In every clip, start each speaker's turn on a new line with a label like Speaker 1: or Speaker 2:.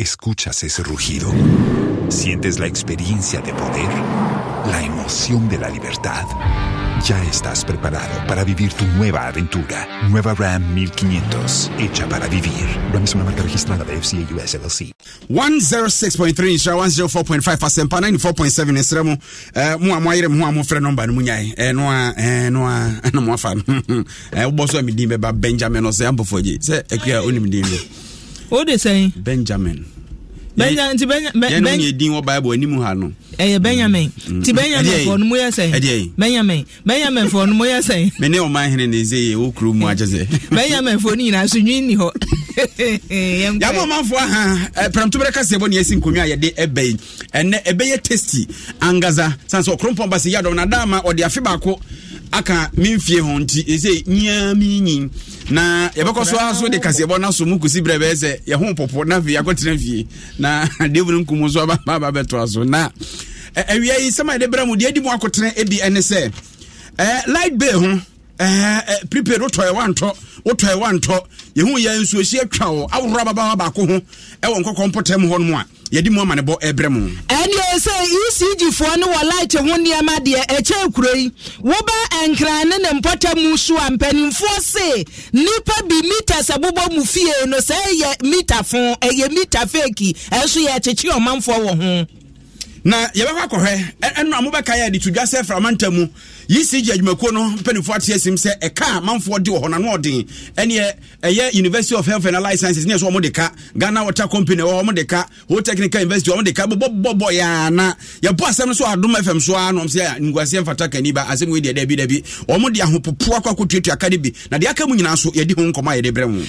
Speaker 1: Escuchas ese rugido. Sientes la experiencia de poder, la emoción de la libertad. Ya estás preparado para vivir tu nueva aventura.
Speaker 2: Nueva Ram 1500, hecha para vivir. Ram es una marca registrada de FCA US LLC. 106.3 Insha, 104.5 Asempa, 94.7 Nesremo. Mo Eh no a eh no a Eh, eh, eh so eh, Benjamin o de sɛn. benjamin. benjamin ti benjamin. yẹn ni wọn yɛ din wɔ bible anim ha no. ɛyɛ mm. benjamin mm. ti benjamin fɔ numu yɛ sɛn. ɛdiyɛ yi benjamin benjamin fɔ numu yɛ sɛn. mɛ ne ɔman hinɛ ne ze ye o kuro mu ajɛ sɛ. benjamin fɔ ni nyinaa sunjú ni hɔ. yàmú ọmọ afọ aha pẹrẹmtúbẹrẹ kásìẹ bọ ni ẹ si nkonnwa yẹde ẹbẹ yi ẹnẹ ẹbẹ yẹ tasty angaza sanso ọkùnrin pọnba si yàdọ na dáàma ọdí afi baako aka memfie ho nti ɛsɛ e nyaa menyin na yɛbɛkɔ so a de kaseɛbɔ no so mu kɔsi berɛ bɛɛ sɛ yɛho pɔpɔ na afei akɔtena fie na debuno nkumu so ababa bɛtoa so na awia yi sɛma yɛde brɛ mu deɛ adi mu akɔtena bi ɛne sɛ light bay ho prepaid wotɔɛ wantɔ wotɔɛ wantɔ yɛhu yɛ nsuohyi atwa wɔ aworɔ ababa baako ho ɛwɔ nkɔkɔ mpɔtam hɔ no mu a yɛde mu amanebɔ ɛbrɛ mu
Speaker 3: ɛneɛ sɛ ecg foɔ no wɔ light ho nneɛma deɛ ɛkyɛ kuro yi woba nkran ne ne mpɔta mu so a mpanimfoɔ se nnipa bi meters ɛbobɔ mu fie no sɛ ɛyɛ mita fo ɛyɛ mita feki
Speaker 2: ɛnso yɛkyekye ɔmanfoɔ wɔ ho na yɛbɛkɔ akɔhwɛ ɛno a mobɛka yɛ de to dwa sɛ framantam mu UCG adwumakuo no mpanimfoɔ ate asim sɛ ɛka a manfoɔ de wɔ hɔ nano ɔden ɛneɛ ɛyɛ University of Health and Allied Sciences ne ɛso wɔn de ka Ghana Water Company ɛwɔ wɔn ka Whole Technical University wɔn de ka bɔbɔbɔ yaana yɛbɔ asɛm no so Adom FM so a nom sɛ nguaseɛ mfata kani ba asɛm wei deɛ dɛbi dɛbi wɔn de ahopopo akɔtuatua ka ne bi na deɛ aka mu nyinaa so yɛdi ho nkɔmɔ a yɛde brɛ mu.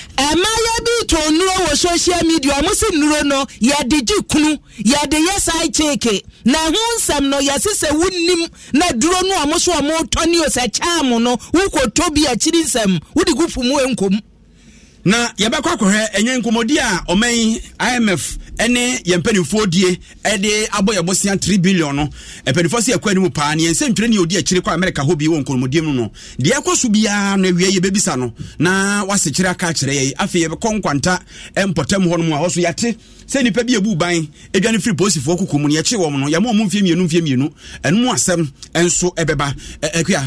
Speaker 3: bi to nnuro wɔ social media ɔmo si nnuro no yɛde gye kunu yɛde yɛ saa kyeeke na ho nsɛm no yɛsi sɛ wunim na duro no ɔmo so ɔmo motɔ ne o sɛ kyaa mo no wokɔtɔ bi akyiri nsɛm wode gu
Speaker 2: po mu ɛnkom na yɛbɛkɔ akɔhwɛ ɛnyɛ nkɔmmɔdi a ɔman imf ɛne yɛn mpanimfoɔ die ɛde abɔ yɛ bosea three billion no mpanimfoɔ sɛ yɛkɔ anim paa ne yɛnsɛ ntwerɛ ne odi akyire kɔ amerika hɔ bi wɔ nkɔmmɔdiɛ mu no deɛ ɛkɔ so biara no awie yɛbɛbisa no na wasekyerɛ aka akyerɛ yɛi afei yɛbɛkɔ nkwanta mpɔtam hɔ no mu a hɔ so yɛate sɛ nipa bi ebu ban edwane firi polisifoɔ koko mu yɛkye wɔn no yɛn mu ɔmo nfie mmienu nfie mmienu ɛnum asɛm ɛnso ɛbɛba ɛkuya.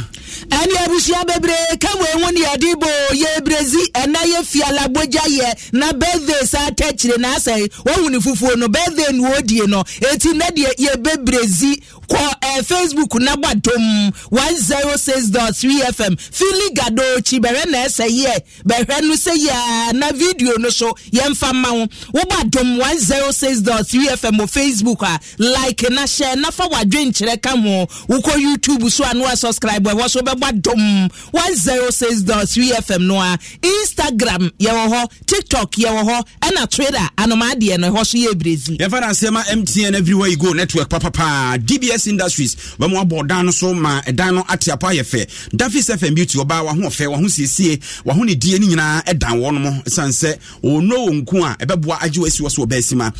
Speaker 2: ɛni abusua bebree kawo ehu ni yɛde bo
Speaker 3: yɛ ebrezi ɛna yɛ fialabogya yɛ na bɛɛve saa tɛkyire n'asɛn wɔn wuni fufuo no birthday no wɔdie no eti na deɛ yɛbɛbrezi kɔ ɛɛ facebook naba dom one zero six dot fm fili gadokyi bɛhwɛ na ɛsɛ yɛ bɛhwɛ no sɛ yɛa na video no so yɛmfa ma wo woba dom 106.3 fm wɔ facebook a like na hyɛ na fa wadwe nkyerɛ ka ho wokɔ youtube so a no a subscribe ɛhɔ so wobɛba dom 106.3 fm no
Speaker 2: a instagram yɛwɔ hɔ tiktok yɛwɔ hɔ ɛna twitter anomadeɛ no ɛhɔ so so yɛ brɛzi yɛmfa no asɛm mtn everywhere you go network papapaa dbs industries bɛma wabɔ ɔdan no so ma ɛdan no ateapɔ ayɛ fɛ dafis fm beauty ɔbaa wahoɔfɛ waho siesie waho ne die no nyinaa ɛdan wɔ no mu ɛsiane sɛ ɔno wɔ nko a ɛbɛboa agye wasi wɔ so ɔbɛasi ma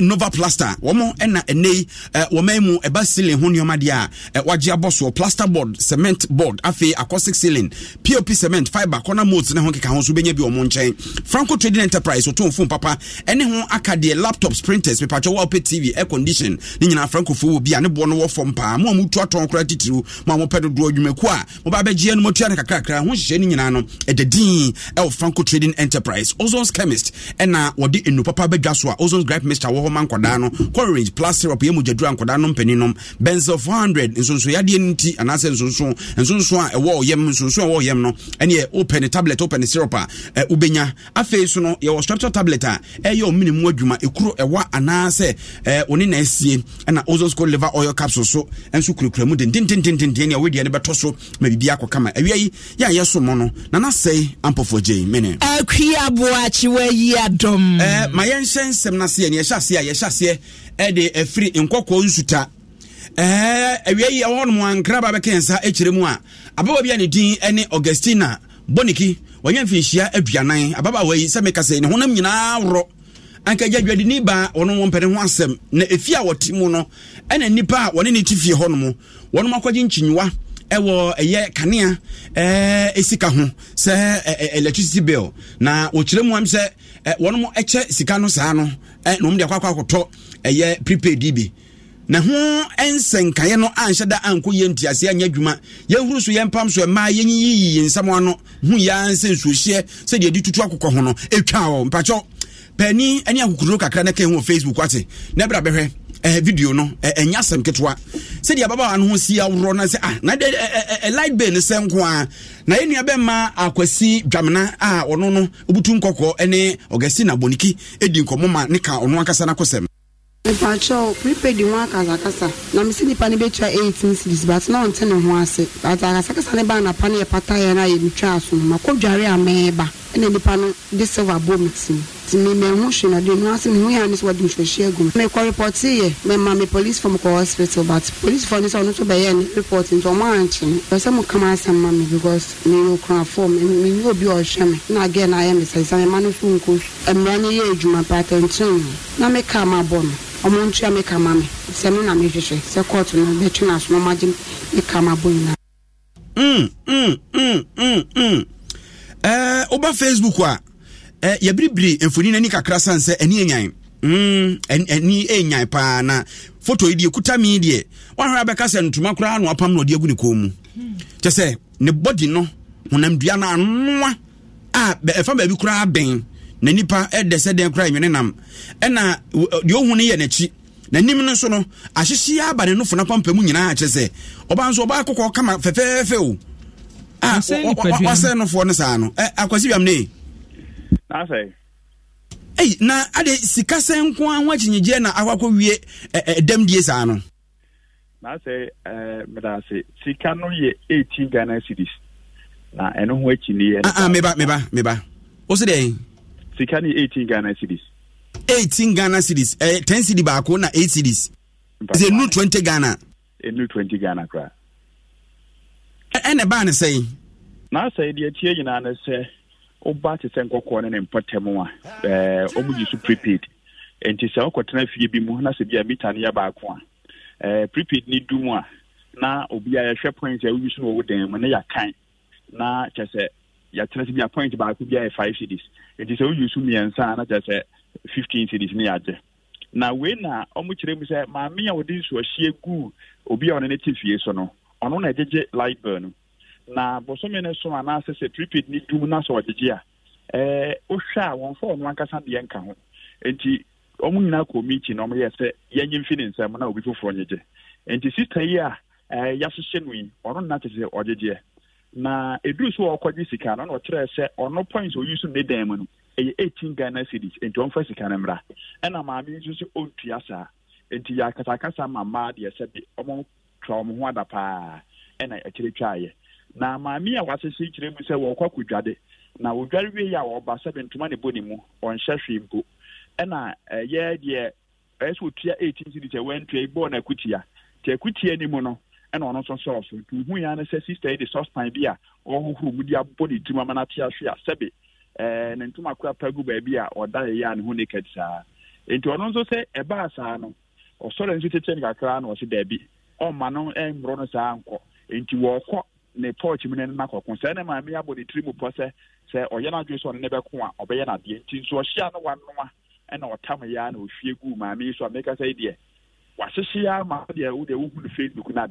Speaker 2: nova plaster wɔm ɛna ɛnɛi wɔman mu ɛba ceiling ho nneɔma deɛ a wagye abɔ soɔ plaster board cement board afei acostic ceiling pop cement fiber corner modes ne ho keka ho so bɛnya bi ɔmo nkyɛn franco trading enterprise ɔtomfom papa ɛne ho aka deɛ laptops printers pepatwɛ wɔ pɛ tv air condition ne nyinaa frankofoɔ wɔ bi a ne boɔ no wɔ fam paa mo a motua tɔn koraa titiriw mo a mopɛ dodoɔ adwumaku a moba bɛgyeɛ no matua no kakrakra ho hyehyɛ no nyinaa no ɛda din ɛwɔ franco trading enterprise ozons chemist ɛna wɔde enu papa bɛdwa so a ozons gripe mixture wɔ hɔ ma nkwadaa no corange plus syrup yɛ mogyadura nkwadaa no mpaninom benzel 400 nsonso yadeɛ no nti anaasɛ nsonso nsonso a ɛwɔ ɔyam nsonso a ɛwɔ ɔyam no ɛneɛ wopɛ ne tablet wopɛ ne syrup a wobɛnya afei so no yɛwɔ structure tablet a ɛyɛ ɔmene mu adwuma ɛku akoro ɛwa anaasɛ ɛɛ oni na esie ɛna ozone school liver oil capsule so nso kurakura mu dendendendenden nea wedeɛ ne bɛtɔ so ma bibi akɔ kama awia yi yɛ a so mo no nana sɛe ampɔfoɔ gyei mene akui aboakyewa yi adɔm ɛɛ ma yɛnhyɛ nsɛm no aseɛ neɛ yɛhyɛ aseɛ a yɛhyɛ aseɛ ɛde afiri nkɔkɔɔ nsuta ɛɛ awia yi ɛwɔ nom ankraba bɛka yɛnsa akyerɛ mu a abawa bi a ne din ne augustina boniki wanya mfinhyia aduanan ababaawa yi sɛ mekasɛ ne honam nyinaa worɔ ankagya adwadini baa ɔno wɔn mpɛne ho asɛm na efie a wɔte mu no ɛna nipa a wɔne ne ti fie hɔnom wɔn akɔgye nkyinyiwa ɛwɔ ɛyɛ kanea ɛɛ eh, esika ho sɛ ɛɛ eh, eh, electricity bill na wɔkyerɛ mu am sɛ ɛɛ wɔn ɛkyɛ sika no saa no ɛɛ na wɔn de akɔ akɔ akɔtɔ ɛyɛ prepaid bi na ho nsɛnkaeɛ no anhyɛ da ankɔ yɛ ntiaseɛ anyɛ adwuma yɛnhuru so yɛmpam so ɛmaa yɛnyiyiyi yɛ nsɛm ano ho yɛ ansɛ nsuohyeɛ sɛdeɛ de tutu akokɔ ho no ɛtwa wɔ mpakyɛw pani ne akokroduro kakra no ka hu facebook ate na ɛbrɛ bɛhwɛ eh, video no ɛnyɛ ketewa sɛdeɛ ababaawa no ho si aworɔ na sɛ ah na de light bay no sɛ na yɛ nua akwasi a ɔno no obutu na boniki di nkɔmmɔ ma ne ka ɔno prepaid ho na
Speaker 3: nipa cities but na ne ho ase but akasakasa ne na a yɛmetwa aso no makɔdware
Speaker 4: a ɛna nipa no de silver bɔ mi ti ti mi mɛ ho hwɛ n'adeɛ mu ase mi ho yɛn ani so wɔde egu mu mɛ kɔ repɔti yɛ mɛ ma mi police fɔ kɔ hospital but police fɔ ne sɛ ɔno nso bɛyɛ ne report nti ɔmo ankye no ɛsɛ mo kama asɛm ma mi because mi yɛ okura fɔ mi mi yɛ obi ɔhwɛ
Speaker 3: mi na agɛ na ayɛ mi sɛnsɛn mɛ ma no so nko mmira ne yɛ adwuma pata nkyɛn na mi kaa ma bɔ no ɔmo ntua mi kama mi sɛ mi na mi hwehwɛ sɛ kɔɔto no bɛtwe na so ɔmo agye
Speaker 5: mi kama bɔ nyinaa.
Speaker 2: Mm, mm, mm, woba eh, facebook a eh, yɛberebire mfoni no ani kakra sane sɛ ɛne paa na foto yi deɛ kuta mi deɛ wahwɛ abɛka sɛ ntoma koraa na wapam ah, e e na ɔde agu ne kɔn mu kyɛ sɛ ne no honam dua no a ɛfa baabi koraa bɛn na nipa ɛdɛ sɛ dɛn koraa nwene nam ɛna deɛ ohu no yɛ n'akyi n'anim nso no ahyehyeɛ aba ne na pampam nyinaa kyɛ sɛ ɔba nso ɔba akɔkɔ kama fɛfɛɛfɛ o ɔsɛ ah, nofoɔ no saa no akwasi biam ne ei na ade sika sɛ nko a ho akyinyegyeɛ na akɔakɔ wie dam die saa no
Speaker 6: naasɛ medase sika no yɛ 18 ghana cities na ɛno ho akyi ni ah,
Speaker 2: ah, meba meba meba wo so deɛ sika no yɛ 18 ghana cities 18 ghana cities eh, 10 city baako na 8 cities ɛsɛ ɛnu 20 ghana ɛnu 20 ghana koraa
Speaker 6: ɛna ɛbaa ne sɛn n'asɛe deɛ tie nyinaa ne sɛ woba te sɛ nkɔkɔɔ ne ne mpɔtam a ɔmu gyi so prepaid nti sɛ wokɔtena fie bi mu na sɛ bia mita ne yɛ baako a prepaid ne du mu a na obia yɛhwɛ point a woyi so no wɔwo dan mu ne yɛkan na kyɛ sɛ yɛtena sɛ bia point baako bi a yɛ five cities nti sɛ woyi so mmiɛnsa na kyɛ sɛ fifteen cities ne yɛagye na wei na ɔmo kyerɛ mu sɛ maame a wɔde nsuahyia guu obi a ɔne ne te fie so no ɔno na ɛgyegye libel no na bosome no som anaasɛ sɛ tripid ne dum na sɛ ɔgyegye a wohwɛ a wɔmfa ɔno ankasa deɛ nka ho nti ɔmo nyinaa na ɔmoyɛ sɛ yɛnye mfi ne nsɛm na obi foforɔ nyegye nti sista yi a eh, yɛahyehyɛ no yi ɔno nna te sɛ ɔgyegyeɛ na ɛduru so sika na ɔkyerɛ sɛ ɔno points ɔyi so no ɛyɛ 18 ghana cities nti ɔmfa sika twa ɔmo ada paa ɛna na maame a wasese kyerɛ mu sɛ wɔkɔ na wɔdware wie a wɔba sɛbe ntoma ne bɔ ne mu ɔnhyɛ hwee mpo ɛna ɛyɛ eh, deɛ ɛyɛ sɛ otua eighteen series na akutia te akutia ne mu no ɛna ɔno nso sɔɔ so nti ya sɛ sista yi de sɔspan bi a ɔhohoro mu de abɔ ne tirim ama n'ate ahwe ɛɛ eh, ne ntoma pa gu ɔma no eh, mmorɔ no saa nkɔ nti wɔkɔ na pɔɔkye mu ne na abɔ ne tiri mu pɔ sɛ sɛ ɔyɛ no adwene ọ na ne bɛko a ɔbɛyɛ na adeɛ nti nso na no na a na ɔhwie guu maame yi so a meka sɛ ya wahyehye ya ma deɛ wode wohu no facebook no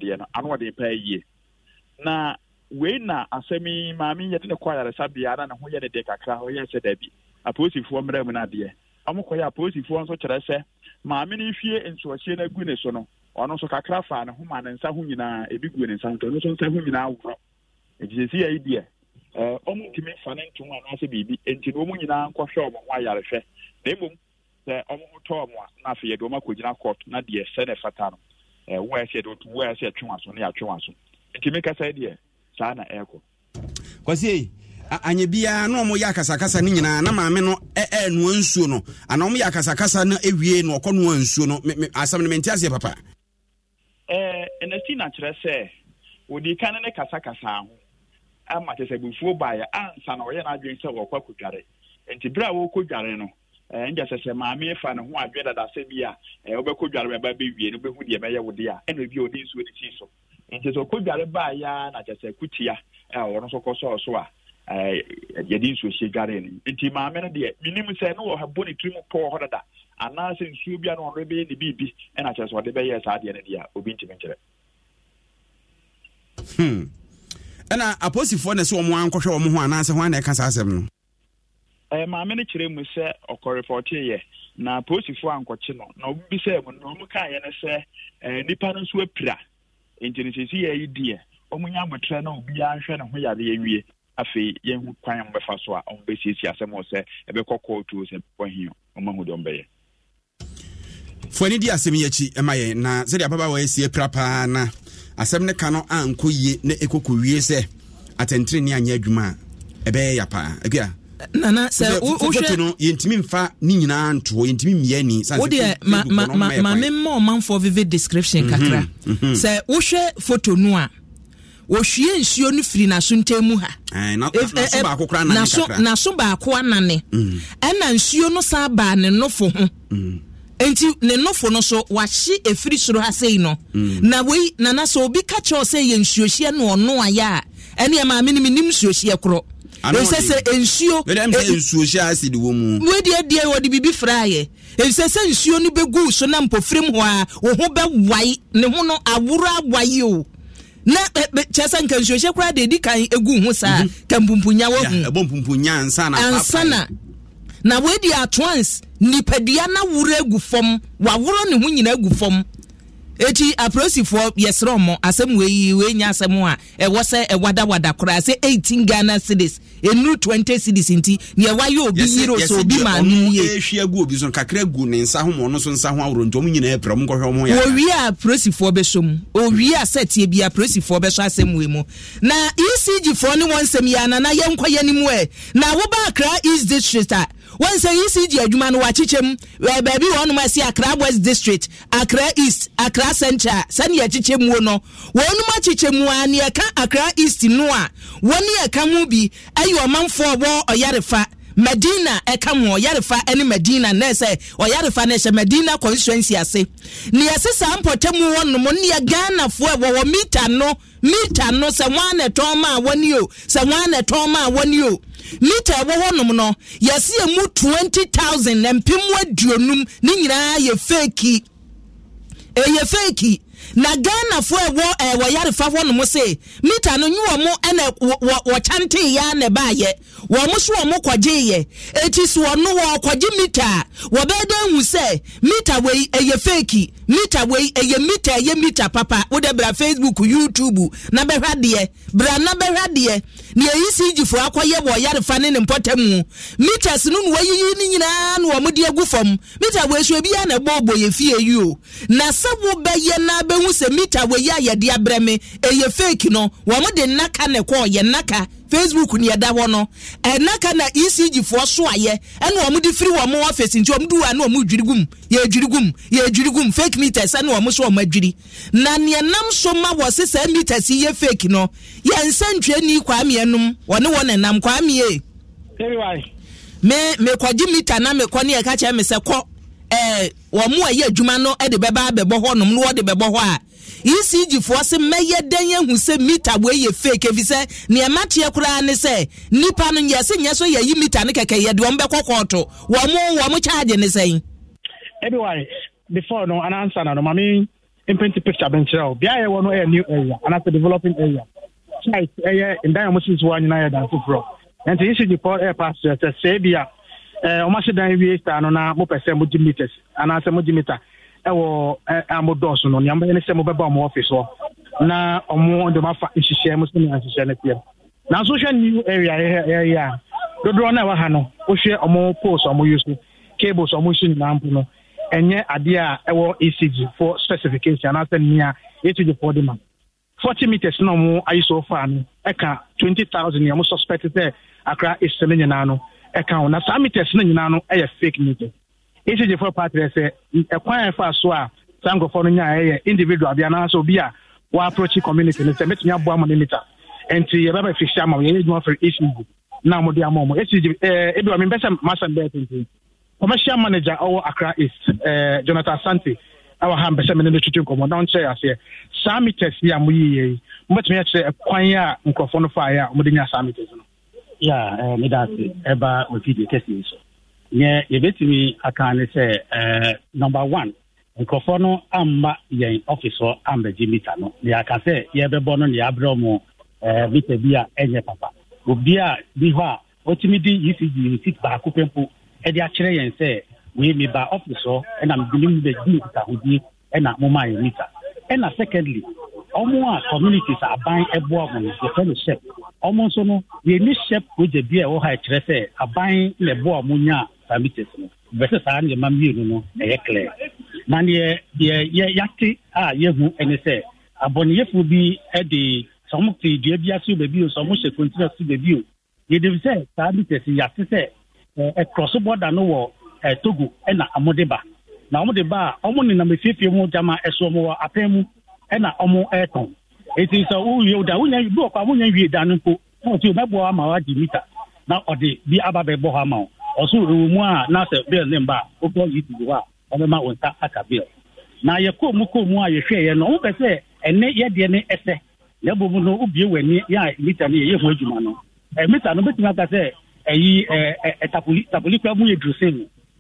Speaker 6: na wei na yi maame na na ho yɛ ne deɛ kakra ɔyɛ sɛ daabi apolisifoɔ mmerɛ mu apolisifoɔ nso kyerɛ sɛ maame ne so no ɔno nso kakra fa ne ho ma ne nsa ho nyinaa ebi gu ne nsa ho nso nsa ho nyinaa worɔ eti yɛ yi deɛ ɛɛ eh, ntumi fa ne biribi nti na nyinaa nkɔhwɛ ho ayarehwɛ na sɛ ho tɔ a na afei yɛde akɔgyina court na deɛ sɛ na ɛfata no eh, ɛɛ yɛde yɛtwe wɔn aso ne yɛatwe wɔn aso saa na ɛɛkɔ.
Speaker 2: biara na yɛ akasakasa na maame no nsuo na
Speaker 6: Eh, ɛnɛsi na kyerɛ sɛ wɔde ka ne kasakasa ho ama kyɛ sɛ bufuo baeɛ ansa na ɔyɛ n'adwene sɛ wɔkɔ akɔdware nti bere a dware no ɛngya eh, sɛ sɛ maame fa ne ho adwene dadasɛ bi a eh, wobɛkɔdware bɛba bɛwie no wobɛhu deɛ ɛbɛyɛ wo de a ɛna bi a ɔde nsuo ne sii so nti sɛ ɔkɔdware baeɛ a na kyɛ sɛ kutia a ɔno nso kɔ sɔɔ so a yɛde nsuo hyɛ dware no nti maame no deɛ menim sɛ ne wɔ bɔ ne tirim pɔɔ hɔ dada anaasɛ nsuo bi a na ebe bɛyɛ ne ibi ɛna kyerɛ bɛyɛ saa obi
Speaker 2: hmm. ɛna aposifoɔ na ɛsɛ ɔmo ankɔhwɛ ɔmo ho anaasɛ ho ana ɛka saa asɛm no
Speaker 6: ɛɛ maame na aposifoɔ ankɔkye no na ɔmo bi sɛ mu na ɔmo kaeɛ no sɛ ɛɛ nipa no nso apira nti no sisi yɛ yi deɛ nya na ne ho afei yɛn kwan bɛfa so a bɛsiesie asɛm wɔ sɛ ɛbɛkɔ sɛ ɛbɛkɔ
Speaker 2: fo ani di asɛm yi akyi na sɛdeɛ ababa wɔ si pra paa na asɛm ne ka no ankɔ yie na ɛkɔkɔ wie sɛ atɛnterene anyɛ adwuma a ɛbɛyɛ ya paa akua nana sɛ wohwɛ no yɛntumi mfa ne nyinaa ntoɔ yɛntumi mmia ni wodeɛ mame
Speaker 3: mma ɔmanfoɔ vivid description mhm, kakra mhm. sɛ wohwɛ photo no a wɔhwie nsuo no firi n'asontam mu ha naso baako anane ɛna nsuo no saa baa ne nofo ho mhm. nti ne nɔfo no so wahye efiri soro ha sei no hmm. na wei nana sɛ obi ka kyerɛw sɛ yɛ nsuohyia no ɔno ayɛ a ɛne yɛ maame no menim nsuohyia korɔ ɛsɛ sɛ nsuo e- e-
Speaker 2: nsuohyia acid wɔ mu
Speaker 3: wedeɛ deɛ wɔde biribi fraayɛ ɛsɛ sɛ nsuo no bɛgu so na mpɔfirim hɔ a wo ho bɛwae ne ho no aworo awae o na kyɛ sɛ nka nsuohyɛ koraa de ɛdi kan ɛgu ho saa mhm. ka mpumpunya wɔ hu ansana na wadi at once nipadua na wuro egu fam waworo ne ho nyinaa egu fam eti apolisifoɔ yɛsrɛ ɔmo asɛm wei wei nya asɛm a ɛwɔ sɛ ɛwadawada koraa sɛ eighteen ghana cities enuru twenty cities nti nea wayɛ obi yiri o so obi maa nu yie.
Speaker 2: yɛsi ehwi egu obi so kakra gu ne nsa ho ma ɔno so nsa ho ahorow nti ɔmo nyinaa e pere ɔmo nkɔhwɛ ɔmo yɛ.
Speaker 3: owie apolisifoɔ bɛ so mu owie asɛteɛ bi apolisifoɔ bɛ so asɛm wei mu na ecg foɔ ne wɔn nsɛm yɛ anana yɛn nkɔ yɛn nimu ɛ e. na wɔba akra east district a wɔn sɛ ecg adwuma no wakyekyɛ eh, mu baabi wɔn nom asi akra west district akra east akra central sani akyekyɛ mu no wɔn nom akyekyɛ mu a nea ɛka akra east no a wɔn ne ɛka mu bi ɛyɛ eh, ɔmanfoɔ a wɔn ɔyarefa. medina ɛka mu ɔyarefa ne medina na sɛ ɔyarefa na ɛhyɛ medina constituency ase ne yɛse saa mpɔtamu nom ne yɛ ghanafoɔ wɔwɔ mita no mita no sɛ wɔn ana ɛtɔn ma a o sɛ wɔn ana ɛtɔn ma a o mita ɛwɔ nom no yɛse yɛ mu twenty thousand na mpem aduonum ne nyinaa yɛ feeki ɛyɛ feeki. na ghanafoɔ ɛwɔ ɛwɔ eh, yarefa hɔ nom se mita no nyi wɔn ɛna wɔ wɔkyante ya na ɛbaayɛ wɔn so wɔn kɔgye yɛ eti so wɔn no wɔkɔgye mita a wɔbɛɛ dɛ ehu sɛ mita wɔ ɛyɛ feeki mita wei ɛyɛ mita ɛyɛ mita papa wode bra facebook youtube na bɛhwɛ adeɛ bra na bɛhwɛ adeɛ ne ɛyi sigyifo akɔyɛ wɔ yarefa ne ne mpɔtam mu meters no ne wɔyiyi no nyinaa na wɔn de agu fam mita wei so ebiara na ɛbɔ ɔbɔ yɛ fie yi o na sɛ wobɛyɛ na bɛhu sɛ mita wei a yɛde abrɛ me ɛyɛ fake no wɔn de nnaka na ɛkɔɔ yɛ nnaka facebook ni ɛda hɔ no ɛna ka na ecg foɔ so ayɛ ɛna wɔn de firi wɔn office nti wɔn duwa na wɔn dwiri gum yɛ dwiri gum yɛ dwiri gum fake meters ɛna wɔn so wɔn adwiri na nea nam so ma wɔ se meters yɛ fake no yɛn nsɛntwɛni kwamie nom wɔne wɔn nenam kwamie. me me mekɔgye meter na mekɔ ne yɛka kyerɛ me sɛ kɔ ɛɛ wɔn a ɛyɛ adwuma no de bɛba abɛbɔ hɔ nom na wɔde bɛbɔ hɔ a ecg foɔ se mɛyɛ dɛn ehu sɛ mita wei yɛ fake efi sɛ nneɛma teɛ koraa ne sɛ nipa no yɛse nyɛ so yɛyi mita ne kɛkɛ yɛ de wɔn bɛkɔ kɔɔto wɔn mo wɔn mo kyaagye ne sɛn.
Speaker 5: ebi before no anansa na no maame mpɛnti picture bɛ nkyerɛ o bea yɛ wɔ no yɛ new area anaasɛ developing area site ɛyɛ ndan a wɔn sisi hɔ nyinaa yɛ dan foforɔ nti ecg foɔ ɛyɛ pass yɛ sɛ sɛ ebi a ɛɛ wɔn ahyɛ dan wie star no na mo pɛ mo gye meters anaasɛ mo gye meter ɛwɔ amo dɔɔso no nea ɛne sɛ mobɛba ɔmo ɔfice na ɔmo de afa nhyehyɛ mu sɛnea nhyehyɛ no teɛ nanso wohwɛ new area a dodoɔ naa ɛwɔ ha no wohwɛ ɔmo poles ɔmo cables ɔmo nyinaa mpo no ɛnyɛ adeɛ a ɛwɔ ecg for specification anaasɛ nea ecg for ma forty meters na ɔmo ayi so far ɛka twenty thousand ɔmo akra nyinaa no ɛka ɛhyɛgyefoɔ party sɛ ɛkwan a ɛfa so a saa nkurɔfoɔ no nya ɛyɛ individual bia anaasɛ a wa community no sɛ mɛtumi aboa mo no nita ɛnti yɛbɛba fihyi ama mo yɛyɛ adwuma firi ɛhyɛgu na mode ama mo ɛbiwa membɛsɛ masɛm bɛɛ commercial manager ɔwɔ accra east jonathan santi ɛwɔ ha mbɛsɛ me ne no twitwi nkɔmmɔ na ɔnkyerɛ aseɛ saa yi a moyiyɛ yi mobɛtumi akyerɛ ɛkwan a a mode nya saa meters no yɛ e, medase ɛba e nea yɛbɛtumi aka ne sɛ eh, number one nkurɔfoɔ no amma yɛn ɔfice hɔ ambɛgye mita no na yɛaka sɛ yɛbɛbɔ no na yɛabrɛ mo eh, mita bi a ɛnyɛ papa obi a bi hɔ a ɔtumi di ecg receipt baako pɛ mpo ɛde akyerɛ yɛn sɛ wei meba ɔfice hɔ ɛna mede ne mu bɛgye mita hodie ɛna momaa yɛn mita ɛna secondly ɔmo a communities aban ɛboa mo no yɛfɛ no shep ɔmo nso no yɛni shep project bi a ɛwɔ ha ɛkyerɛ sɛ aban na ɛboa mo nya parameters no bɛsɛ saa nneɛma mmienu no ɛyɛ clear na deɛ deɛ yɛ yate a yɛhu ɛne sɛ abɔneyɛfo bi ɛde sɛ ɔmo te dua bi ase baabi o sɛ ɔmo hyɛ container so baabi o yɛde sɛ parameters yate sɛ ɛkrɔso bɔda no wɔ ɛtogo ɛna ɔmo de ba na ɔmo de ba a ɔmo nenam efiefie mu gyama ɛso ɔmo wɔ apɛn mu. ɛna ɔmo ɛtɔn eti sɛ wowie wo da wonya bi wɔ a wie da no mpo na ɔti o mɛboa ama wo mita na ɔde bi aba bɔ hɔ ama wo ɔso ɛwɔ mu a na sɛ bill ne mba a wobɔ yi di hɔ a aka na yɛ kɔɔ mu mu a yɛhwɛ yɛ no ɔmo pɛ sɛ ɛne yɛdeɛ ne ɛsɛ na ebom no obie wɔ ani yɛ a mita adwuma no ɛ mita aka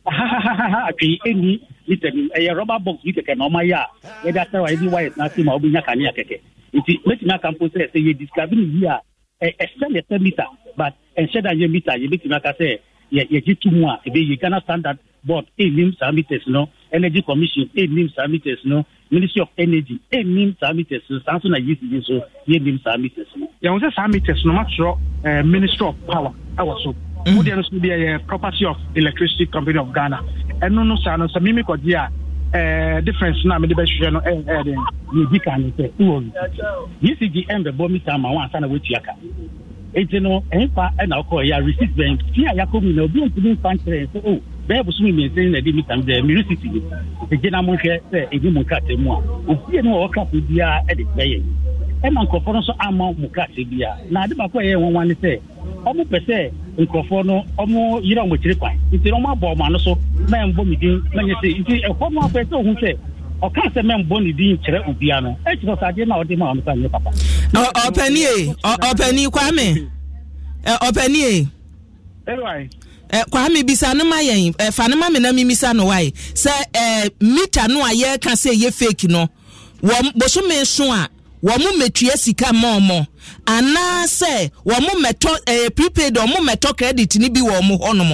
Speaker 5: hahahaha atwi ɛni mita nim ɛyɛ rɔba box bi kɛkɛ na ɔma yɛ a yɛde atara yɛde wires n'ase ma ɔbɛnya kanea kɛkɛ nti mɛtumi aka mpo sɛ sɛ yɛ discover ne yie a ɛsɛn yɛ sɛ mita but ɛnhyɛ da yɛ mita yɛ mɛtumi aka sɛ yɛ yɛgye tu mu a ebe yɛ ghana standard board ɛnim saa meters no energy commission ɛnim saa meters no ministry of energy ɛnim saa meters no saa nso na yɛ si so yɛ nim saa meters no. yɛn sɛ saa meters no ma kyerɛ ministry of power ɛwɔ so wodeɛ no so deɛ yɛ property of electricity company of ghana ɛno no saa no sɛ mimi kɔgye a ɛɛ difference na mede eh, eh, bɛhwehwɛ no ɛyɛ ɛyɛ den yɛ di kan no sɛ wɔ yi ecg ɛn bɛ bɔ mi san ma wɔn ansa na wɔatua ka eti no ɛnfa ɛna ɔkɔ yɛ a receipt bɛn fi a yakɔ mu na obi ntumi nfa nkyerɛ sɛ o bɛyɛ bosom mmiɛnsa na ɛde mi san bɛɛ mi receipt yi ɛgyina mo hwɛ sɛ ɛdi e mo nkrataa mu a obi yɛ no wɔ ɔkrataa biara eh, ɛde bɛyɛ ɛma nkurɔfoɔ no nso ama mu krataa bi a na ade baako a ɛyɛ nwanwa ne sɛ ɔmo pɛ sɛ nkurɔfoɔ no ɔmo ɔmo kwan nti ɔmo abɔ ɔmo ano so mɛmbɔ ne din si nti ɛhɔ no apɛ sɛ ohun sɛ ɔka sɛ ne din kyerɛ ɛkyerɛ sɛ papa. ɔpɛni ɔpɛni kwame ɔpɛni ɛwai.
Speaker 3: kwame bisa ne ma yɛn fa ne ma mi na mi misa no sɛ mita no nso a wɔn mɛtua sika ma anaasɛ wɔn mɛtɔ eh, prepaid wɔn mɛtɔ credit ni bi wɔn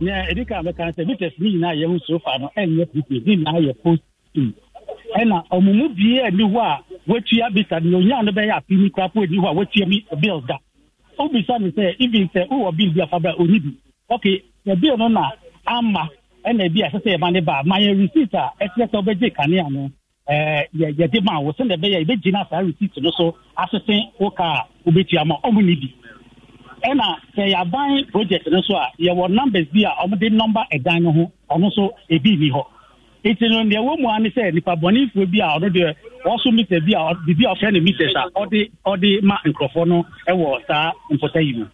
Speaker 5: na ka mɛka sɛ nyinaa yɛ post ɛna ɔmo mu bie a wɔatua bisa ni onyaa no bɛyɛ afi ni ɛni hɔ a wɔatua mi bills da obisa mi sɛ even sɛ wowɔ bill bi afabra bi na ama ɛna ebi ma ne ba ma yɛ receipt a ɛkyerɛ sɛ kanea Eh, yɛde ma wo sɛdeɛ ɛbɛyɛ yɛbɛgyina saa receipt no so asese wo ka a wobɛtua ma ɔmo ne bi uh, ɛna sɛ yɛaban project no so a yɛwɔ numbers bi a ɔmode number ɛdan no ho ɔno nso ebi nni hɔ nti no deɛ wɔ mu sɛ nipa bɔnefoɔ bi a ɔno deɛ ɔso mita bi a biribi a ɔfrɛ no mitas a ɔde ɔde ma nkurɔfoɔ no wɔ saa mpɔta yi mu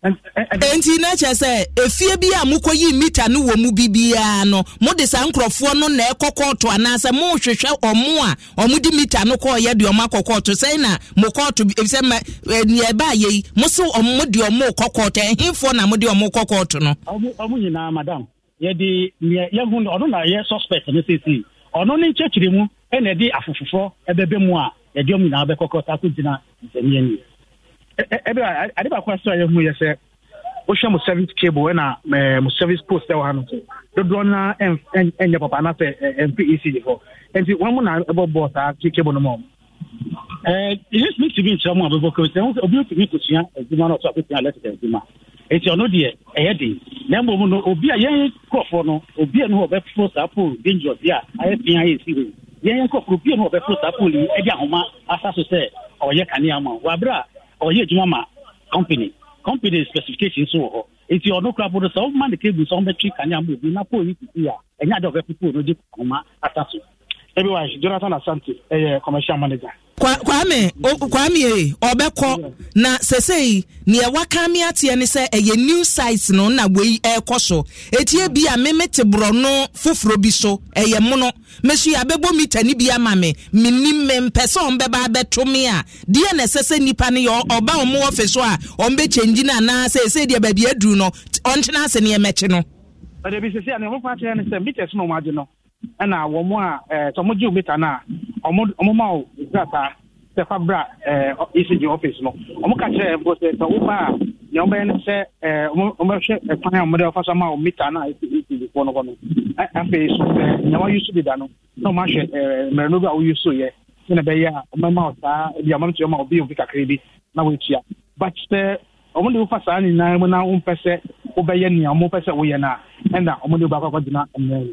Speaker 5: E na sɛ
Speaker 3: efie bi a yi mita no wɔ mu bibiara no saa nkurɔfoɔ no na ɛkɔ kɔɔto anaasɛ ɔmo a mita no de ɔmo akɔ kɔɔto ma nea ɛba ayɛ yi mo so ɔmo ɔmo kɔ kɔɔto na mode ɔmo
Speaker 5: kɔ kɔɔto no. nyinaa madam yɛhu no na yɛ suspect no sisi ɔno ne nkyɛkyerɛ mu ɛna ɛde afofoforɔ ɛbɛbɛ a ebe a ade baako asọ yɛ hu yɛ sɛ wohwɛ mo service cable eh, service post ɛwɔ ha na papa anasị eh, e nti na cable no cable eh, obi na ɔsɔ akosua electric adwuma nti ɔno deɛ ɛyɛ den na mmom no obi a yɛn nkurɔfoɔ no obi a no hɔ ɔbɛfo saa dangerous a ayɛ ayɛ hɔ yɛn obi a hɔ saa asa so sɛ a ɔyɛ adwuma ma company company specification nso wɔ hɔ nti ɔno kora bo no sɛ ɔma ne cable sɛ ɔmbɛtwe kanea ma obi na pole yi kuku a ɛnyɛ ade ɔbɛpo pole no gye kɔma ata so everyone jonathan asante ɛyɛ eh, commercial manager kwame
Speaker 3: kwame ɔbɛkɔ na sesei nea waka me ateɛ ne sɛ ɛyɛ new site no na wei ɛkɔ so etie bi a meme te borɔno foforɔ bi so ɛyɛ mono mesu yɛ abɛbɔ mita ne bi ama me menim me mpɛ sɛ ɔn bɛba abɛto me a deɛ na ɛsɛ sɛ nipa no yɛ ɔba ɔn mo ɔfe so a ɔn bɛ kyɛngyi no anaa sɛ ɛsɛ deɛ baabi aduru no ɔntena ase ne ɛmɛkye no.
Speaker 5: ɔdɛ bi a ne ho fa kyerɛ sɛ na ɔmo no ɛna wɔn mu a sɛ wɔn gye omi ta a ma o sɛ ecg office no ka a nea no sɛ o mita n'a esi ecg foɔ no hɔ no afei so sɛ nea na wɔn ahwɛ ɛɛ mmarinu a wɔyi so yɛ ɛna bɛyɛ a wɔn ma o saa ebi ma ọ bi obi kakra bi na wɔatua but sɛ de na wɔn pɛ sɛ nea pɛ sɛ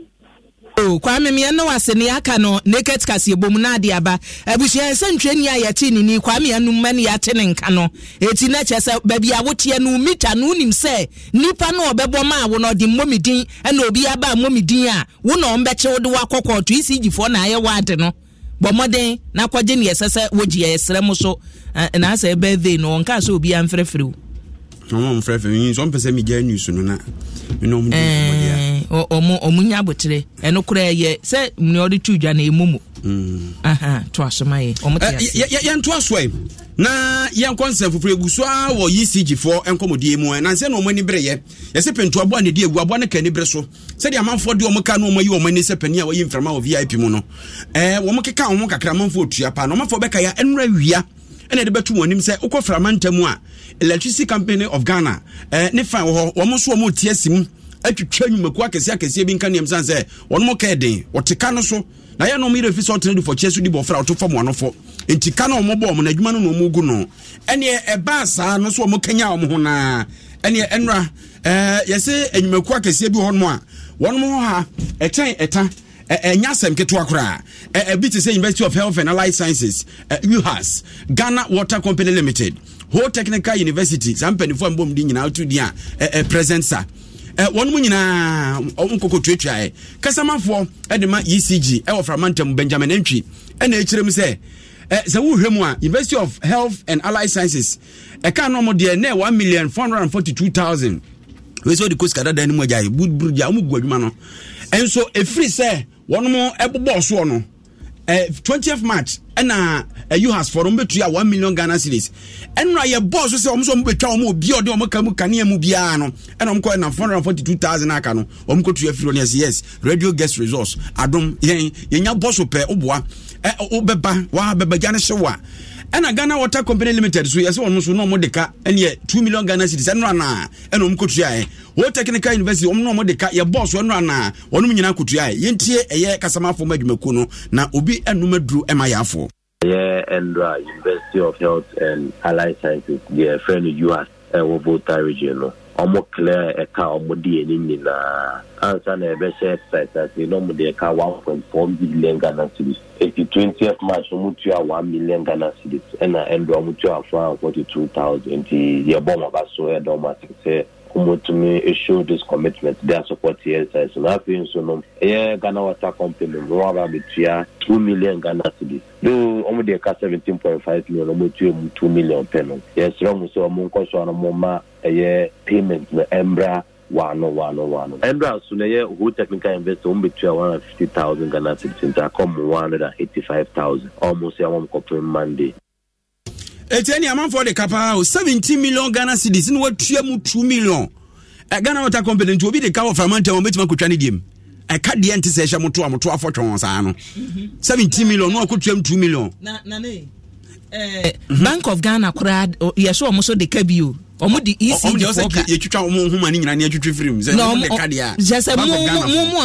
Speaker 3: Oh, kwame mmiɛn wa wase ne aka no naked kaseɛ bom no ade aba abusua sɛ ntwani a yɛte ne ni kwame anum ma ne yɛate ne nka no ɛti na kyerɛ sɛ baabi a woteɛ no mita no wonim sɛ nnipa no ɔbɛbɔ ma wo no ɔde mmɔmedin ɛna obi aba mmɔmedin a wo na ɔmbɛkye wo de woakɔ kɔɔto ecgfoɔ na ayɛ woade no bɔ na kɔgye ne yɛsɛ sɛ wogye yɛsrɛ mu so naasɛ birthday no ɔnka sɛ obi amfrɛfrɛ wo
Speaker 2: ɔmo mfrɛ fɛ nyi sɔmpɛ sɛ megya news no na mena ɔmo deɛ
Speaker 3: ɔmo ɔmo nya abotere ɛno koraa yɛ sɛ nea ɔde tu dwa na ɛmu mu mm. to asoma yɛ ɔmo te ase
Speaker 2: yɛntoa so ɛ na yɛnkɔ nsɛm foforɔ ɛgu so a wɔ ecg foɔ nkɔmmɔdie mu ɛ nansɛ na ɔmo ani berɛyɛ yɛsɛ pɛntuaboa ne di agu aboa no ka ani berɛ so sɛdeɛ amanfoɔ de ɔmo ka na ɔmo ayi ɔmo ani sɛ pani a wɔyi mframa wɔ vip mu no ɛɛ wɔn keka wɔn kakra amanfoɔ otua paa na ɔmafoɔ bɛka wia ɛna ɛde bɛtu wɔn anim electricity company of ghana eh, ne fan wɔ hɔ wɔn nso wɔn ti asi mu atwitwa nnwumakuo akɛseɛ akɛseɛ bi nka nneɛm san sɛ wɔn mo kɛɛ den wɔte ka no so na yɛn no mo yɛrɛ fi sɛ ɔtena dufɔ kyɛ so di bɔ ɔfra ɔto fam anofo nti ka no wɔn bɔ wɔn na adwuma no na wɔn gu no ɛnneɛ ɛbaa saa no so wɔn kanya wɔn ho naa ɛnneɛ ɛnura ɛɛ eh, yɛsɛ nnwumakuo akɛseɛ bi wɔ hɔ nom a wɔn mo hɔ ha ɛkyɛn ɛta ɛnya asɛm ketewa koraa ɛbi te sɛ university of health and allied sciences uhas ghana water company limited whole technical university saa mpanimfoɔ a mbɔmde nyinaa to din a present sa wɔn mu nyinaa wɔn nkoko tuatuaeɛ kasamafoɔ ɛde ma ecg ɛwɔ framantam benjamin ntwi ɛna akyerɛ mu sɛ sɛ wohwɛ mu a university of health and allied sciences ɛka no ɔmo deɛ nɛ 1 million 442000 wei sɛ wode kɔ sikadadan no mu agyae budburu gya ɔmo gu adwuma no ɛnso ɛfiri sɛ wɔnom ɛbobɔ soɔ no eh, 20 eh, march ɛna eh, eh has fɔ no mbɛtua one million ghana series ɛnora yɛ bɔɔ so sɛ ɔm sɛ ɔmbɛtwa ɔm obi ɔde ɔm ka mu kanea mu biara no ɛna ɔm kɔ ɛna 442000 aka no ɔm kɔtua firi no yɛsɛ yes radio guest resource adom yɛn yɛnya bɔ so pɛ woboa wobɛba eh, waa bɛbagya no hye wo wa ɛna ghana water company limited so yɛsɛ ɔno so na ɔmo de ka ɛneɛ two million ghana cities ɛno anaa ɛna ɔmo kotuaɛ wɔn technical university ɔmo na ɔmo de ka yɛ bɔɔso ɛno anaa ɔnom nyinaa kotuaɛ yɛntie ɛyɛ kasamafo mu adwumakuo no na obi ɛnum aduru ɛma yɛ afoɔ.
Speaker 7: ɛyɛ ɛndra university of health and allied sciences deɛ ɛfrɛ no uas ɛwɔ volta region no ɔmo clear ɛka ɔmo di ani nyinaa ansa na ɛbɛhyɛ exercise na ɔmo de ɛka one point four million ghana cedis eti march ɔmo tua one million ghana cedis ɛna ɛndo ɔmo tua four and forty two thousand nti ɔmo aba so ɛda ase wɔtumi show this commitment de asupport yɛ nsɛnso na afei nso no ɛyɛ ghana water company rɔba betua two million ghana cedis though wɔn deɛ ka seventeen point five million wɔn tua mu two million pɛ no so a wɔn ma ɛyɛ payment na ɛmbra wano wano wano ɛmbra so na ɛyɛ who technical investor wɔn betua one hundred fifty thousand ghana cedis nti akɔ mu one hundred and eighty thousand
Speaker 2: ɛti ɛni amanfoɔ de kapa paa o seventeen million ghana cedis ni watua mu two million ɛ e, ghana water company nti obi de ka wɔ farama ntɛm wɔn bɛtuma kotwa ne diem ɛka e, deɛ nti sɛ ɛhyɛ moto a moto afɔ twɛn wɔn saa no seventeen million na wakotua mu two million.
Speaker 3: na na ne e, eh,
Speaker 2: bank of ghana koraa yɛsɛ wɔn so de ka bi o ɔmu di ec di fɔ ka yɛtwitwa ɔmu nhoma ne nyinaa ne yɛtwitwi firi mu sɛ ɔmu de ka deɛ a bank of ghana fɔ ɔsɛ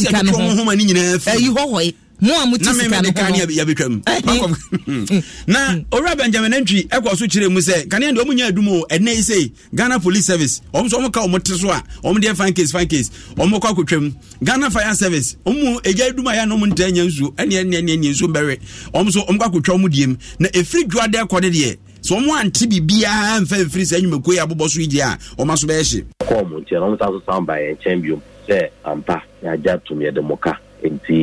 Speaker 2: yɛtwitwa ɔmu nhoma ne nyinaa firi ɛyi hɔ mo a muti sika no kanea bi yabetwam na owura benjamin antwi ɛkɔ so kyerɛ mu sɛ kanea deɛ ɔmo nya adum o ɛnɛ yi sɛ ghana police service ɔmo nso ɔmo ka ɔmo te so a ɔmo deɛ fan case fan case ɔmo kɔ akotwam ghana fire service ɔmo egya adum a yɛ anɔ ɔmo ntaa nya nsuo ɛne ɛne ɛne ɛne nsuo bɛrɛ ɔmo nso ɔmo kɔ akotwa ɔmo diem na efiri dwa deɛ kɔ ne deɛ sɛ ɔmo ante biribiara mfɛn mfiri sɛ ɛnyumakuo yɛ abobɔ so yi deɛ a ɔmo aso bɛyɛ hye.
Speaker 7: kɔɔ mo nkyɛn ɔmo sa so san ba yɛn nkyɛn ampa yɛagya tom nti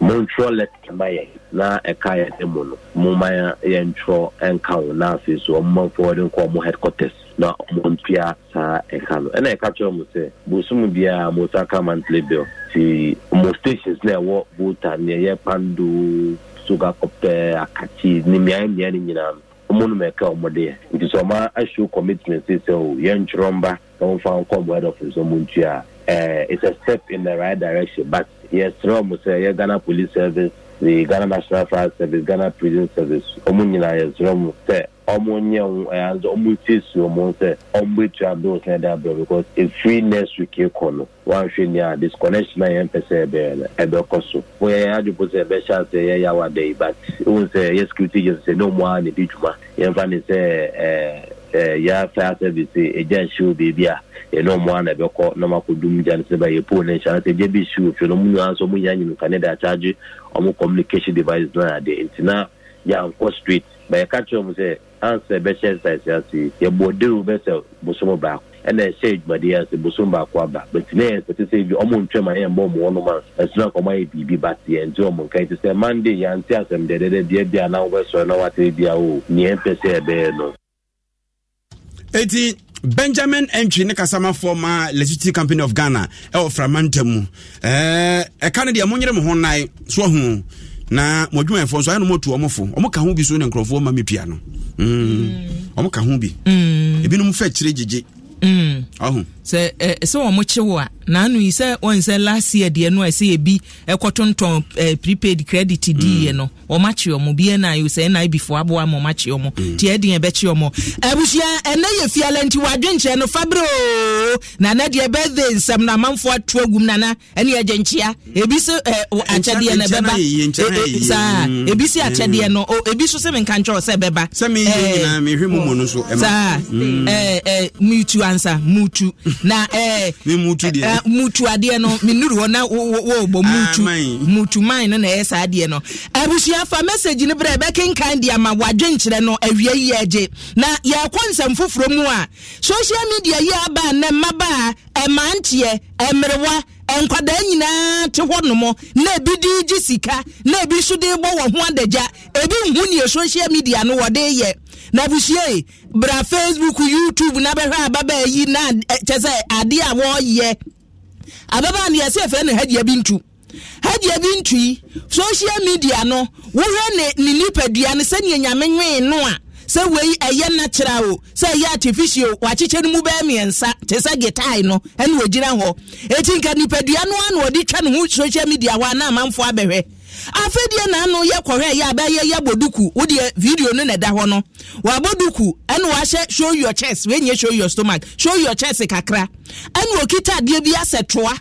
Speaker 7: montwerɛ lɛtɛ ma yɛn na ɛka yɛn ne mu no momma yɛntwerɛ nka wo na afei so ɔmomanfo wɔde nkɔ ɔmo headquarters na ɔmontua saa ɛka no ɛna ɛka kyerɛ mu sɛ bosom biara mosa ka monthly bill nti mo stations na ɛwɔ bota ne ɛyɛ pando soga kɔpɛ akakyi ne mmeaemmea no nyinaa no ɔmo no mɛka ɔmo deɛ nti sɛ ɔma ahyew commitment sɛ sɛ o yɛntwerɛ mba na ɔmfa nkɔ mo head office ɔmontua a uh, it's a step in the right direction. But yes, Rome say Ghana Police Service, the Ghana National Fire Service, Ghana Prison Service, Omunina yes, Rome say Omunya um, eh, and Omutis Omon say Ombu to and Snyder because if free next week you call one thing yeah disconnection I am per se ebe koso. We had to say be chance yeah yeah one day but it was yes security just say no more the ditch ma. Yan say eh, Eh, yɛasaa service ɛgya nhyew baabi a ɛne ɔmo na ɛbɛkɔ na makɔdum gya no sɛ ba yɛpo ne nhyɛ sɛ gya bi hyew hwɛ no nso kane de akyagye ɔmo communication device no e nti na yɛankɔ street ba ya kyerɛ mo sɛ ansɛ bɛhyɛ nsase ase yɛbɔ deru bɛsɛ bosom baako ɛna ɛhyɛ adwumadeɛ ase bosom baako aba na e te sɛ bi ba teɛ nti ɔmo nka sɛ mande
Speaker 2: eti benjamin entry ne kasamafoɔ ma electricity company of ghana ɛwɔ framanta mu ɛka no deɛ monyere mo ho so ahu na mo adwumayɛfoɔ nso ayɛ no motu ɔmo fo ɔmo ka ho bi so ne nkurɔfoɔ ma mepia no mm. Mm. ɔmo ka ho bi mm. ebinom fa kyerɛ gyegye
Speaker 8: Mm.
Speaker 2: sɛ
Speaker 3: sɛ wɔn kye wo a n'ano yi sɛ wɔn nsɛ last year deɛ no a ɛsɛ yɛ bi ɛkɔtontɔn ɛɛ prepaid credit di yɛ mm. no wɔn akye wɔn bi ɛna ayɛ sɛ ɛna ebifo aboa ma wɔn akye wɔn tie mm. ɛdi yɛn bɛkye wɔn abusua ɛnɛ yɛ fiala nti wadwe nkyɛn no fabro nana deɛ birthday nsɛm na amanfo ato agum nana ɛne yɛ gye nkyia ebi so ɛɛ akyɛdeɛ na ɛbɛba e, e, saa ebi si akyɛdeɛ no ebi so sɛ mi nkankyɛw sɛ ɛbɛba sɛ mi yɛ nyinaa mi hwɛ mu mu no so ɛma saa ɛɛ ɛɛ mi tu an ansa mutu na ɛɛ eh, eh, mutu adeɛ no menuru hɔ na wɔbɔ mutu ah, mutu man no na ɛyɛ saa adeɛ no abusua fa message no berɛ ɛbɛkenkan de ama wadwenkyerɛ no awia yi agye na yɛkɔ nsɛm foforɔ mu a social media yi aba nnɛ mmabaa ɛmanteɛ ɛmmerewa nkwadaa nyinaa te hɔ nom na ebi de gye sika na ebi nso de bɔ wɔn ho adagya ebi nhu nie social media no wɔde yɛ na abusua bra facebook youtube na bɛhwɛ baba yi na eh, kyɛ sɛ adeɛ a wɔreyɛ ababa no yɛsɛ ɛfrɛ ne hadia bi ntu hadia bi ntu yi social media no wohwɛ ne ne nipadua no sɛneɛ nyame nwee no a sɛ wei ɛyɛ natural o sɛ ɛyɛ artificial wakyekyɛ no mu bɛɛ mmiɛnsa te sɛ gitae no ɛne wɔgyina hɔ ɛti nka nipadua no a na wɔde twa ne ho social media hɔ a na amanfoɔ abɛhwɛ afɛdeɛ naano yɛ kɔhɛ yɛ abɛyɛ yɛ bɔ duku wodeɛ video no na ɛda hɔ no wabɔ duku ɛna wahyɛ show your chest wɔnyɛ show your stomach show your chest kakra ɛna okita adeɛ bi asɛ toa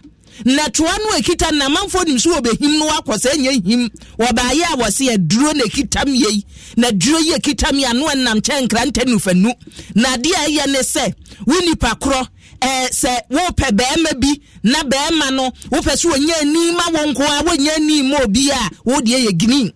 Speaker 3: na toa no ekita na amanfo nim so wɔbɛhim no akɔ sɛ ɛnyɛ him wɔbaayɛ a wɔse ɛduro na ekita m yei na duro yi ekita m yɛ ano ɛnam kyɛn nkrantɛ nufa nu na adeɛ a ɛyɛ ne sɛ wo nipa korɔ eh, sɛ wopɛ bɛrima bi na bɛrima no wopɛ so wɔnyɛ ani ma wɔn nko a wɔnyɛ ani ma obi a wodeɛ yɛ green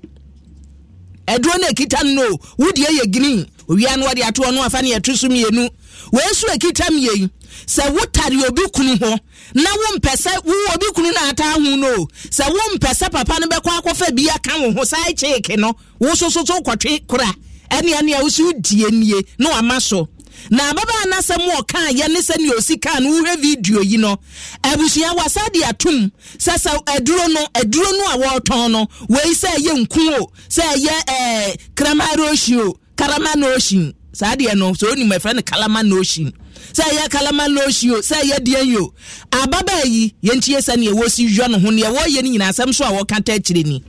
Speaker 3: ɛduro no ekita no no wodeɛ yɛ green owia no wɔde atoɔ no afa no yɛto so mmienu wɔn ekita mmienu sɛ wotare obi kunu hɔ na wompɛ sɛ wowɔ obi kunu na ata ho no sɛ wompɛ sɛ papa no bɛkɔ akɔfa bi aka wo ho saa kyeeke no wosososo so so so kɔtwe kora ɛne ɛne a wosi wodie nie na wama so na ababaa n'asɛm ɔkaa yɛ ne sɛnea osi kaa no wohwɛ video yi no abusua wasa de atum sɛ sɛ aduro no aduro no a wɔretɔn no wei sɛ ɛyɛ nku o sɛ ɛyɛ ɛɛ eh, karamaro ocean o karama ocean saa deɛ no sɛ onim ɛfrɛ no kalamano ocean sɛ ɛyɛ kalamano ocean o sɛ ɛyɛ deɛ yi ababaa yi yɛntie sɛ nea wɔsi yɔ no ho nea wɔreyɛ no nyinaa asɛm so a wɔka akyire ni.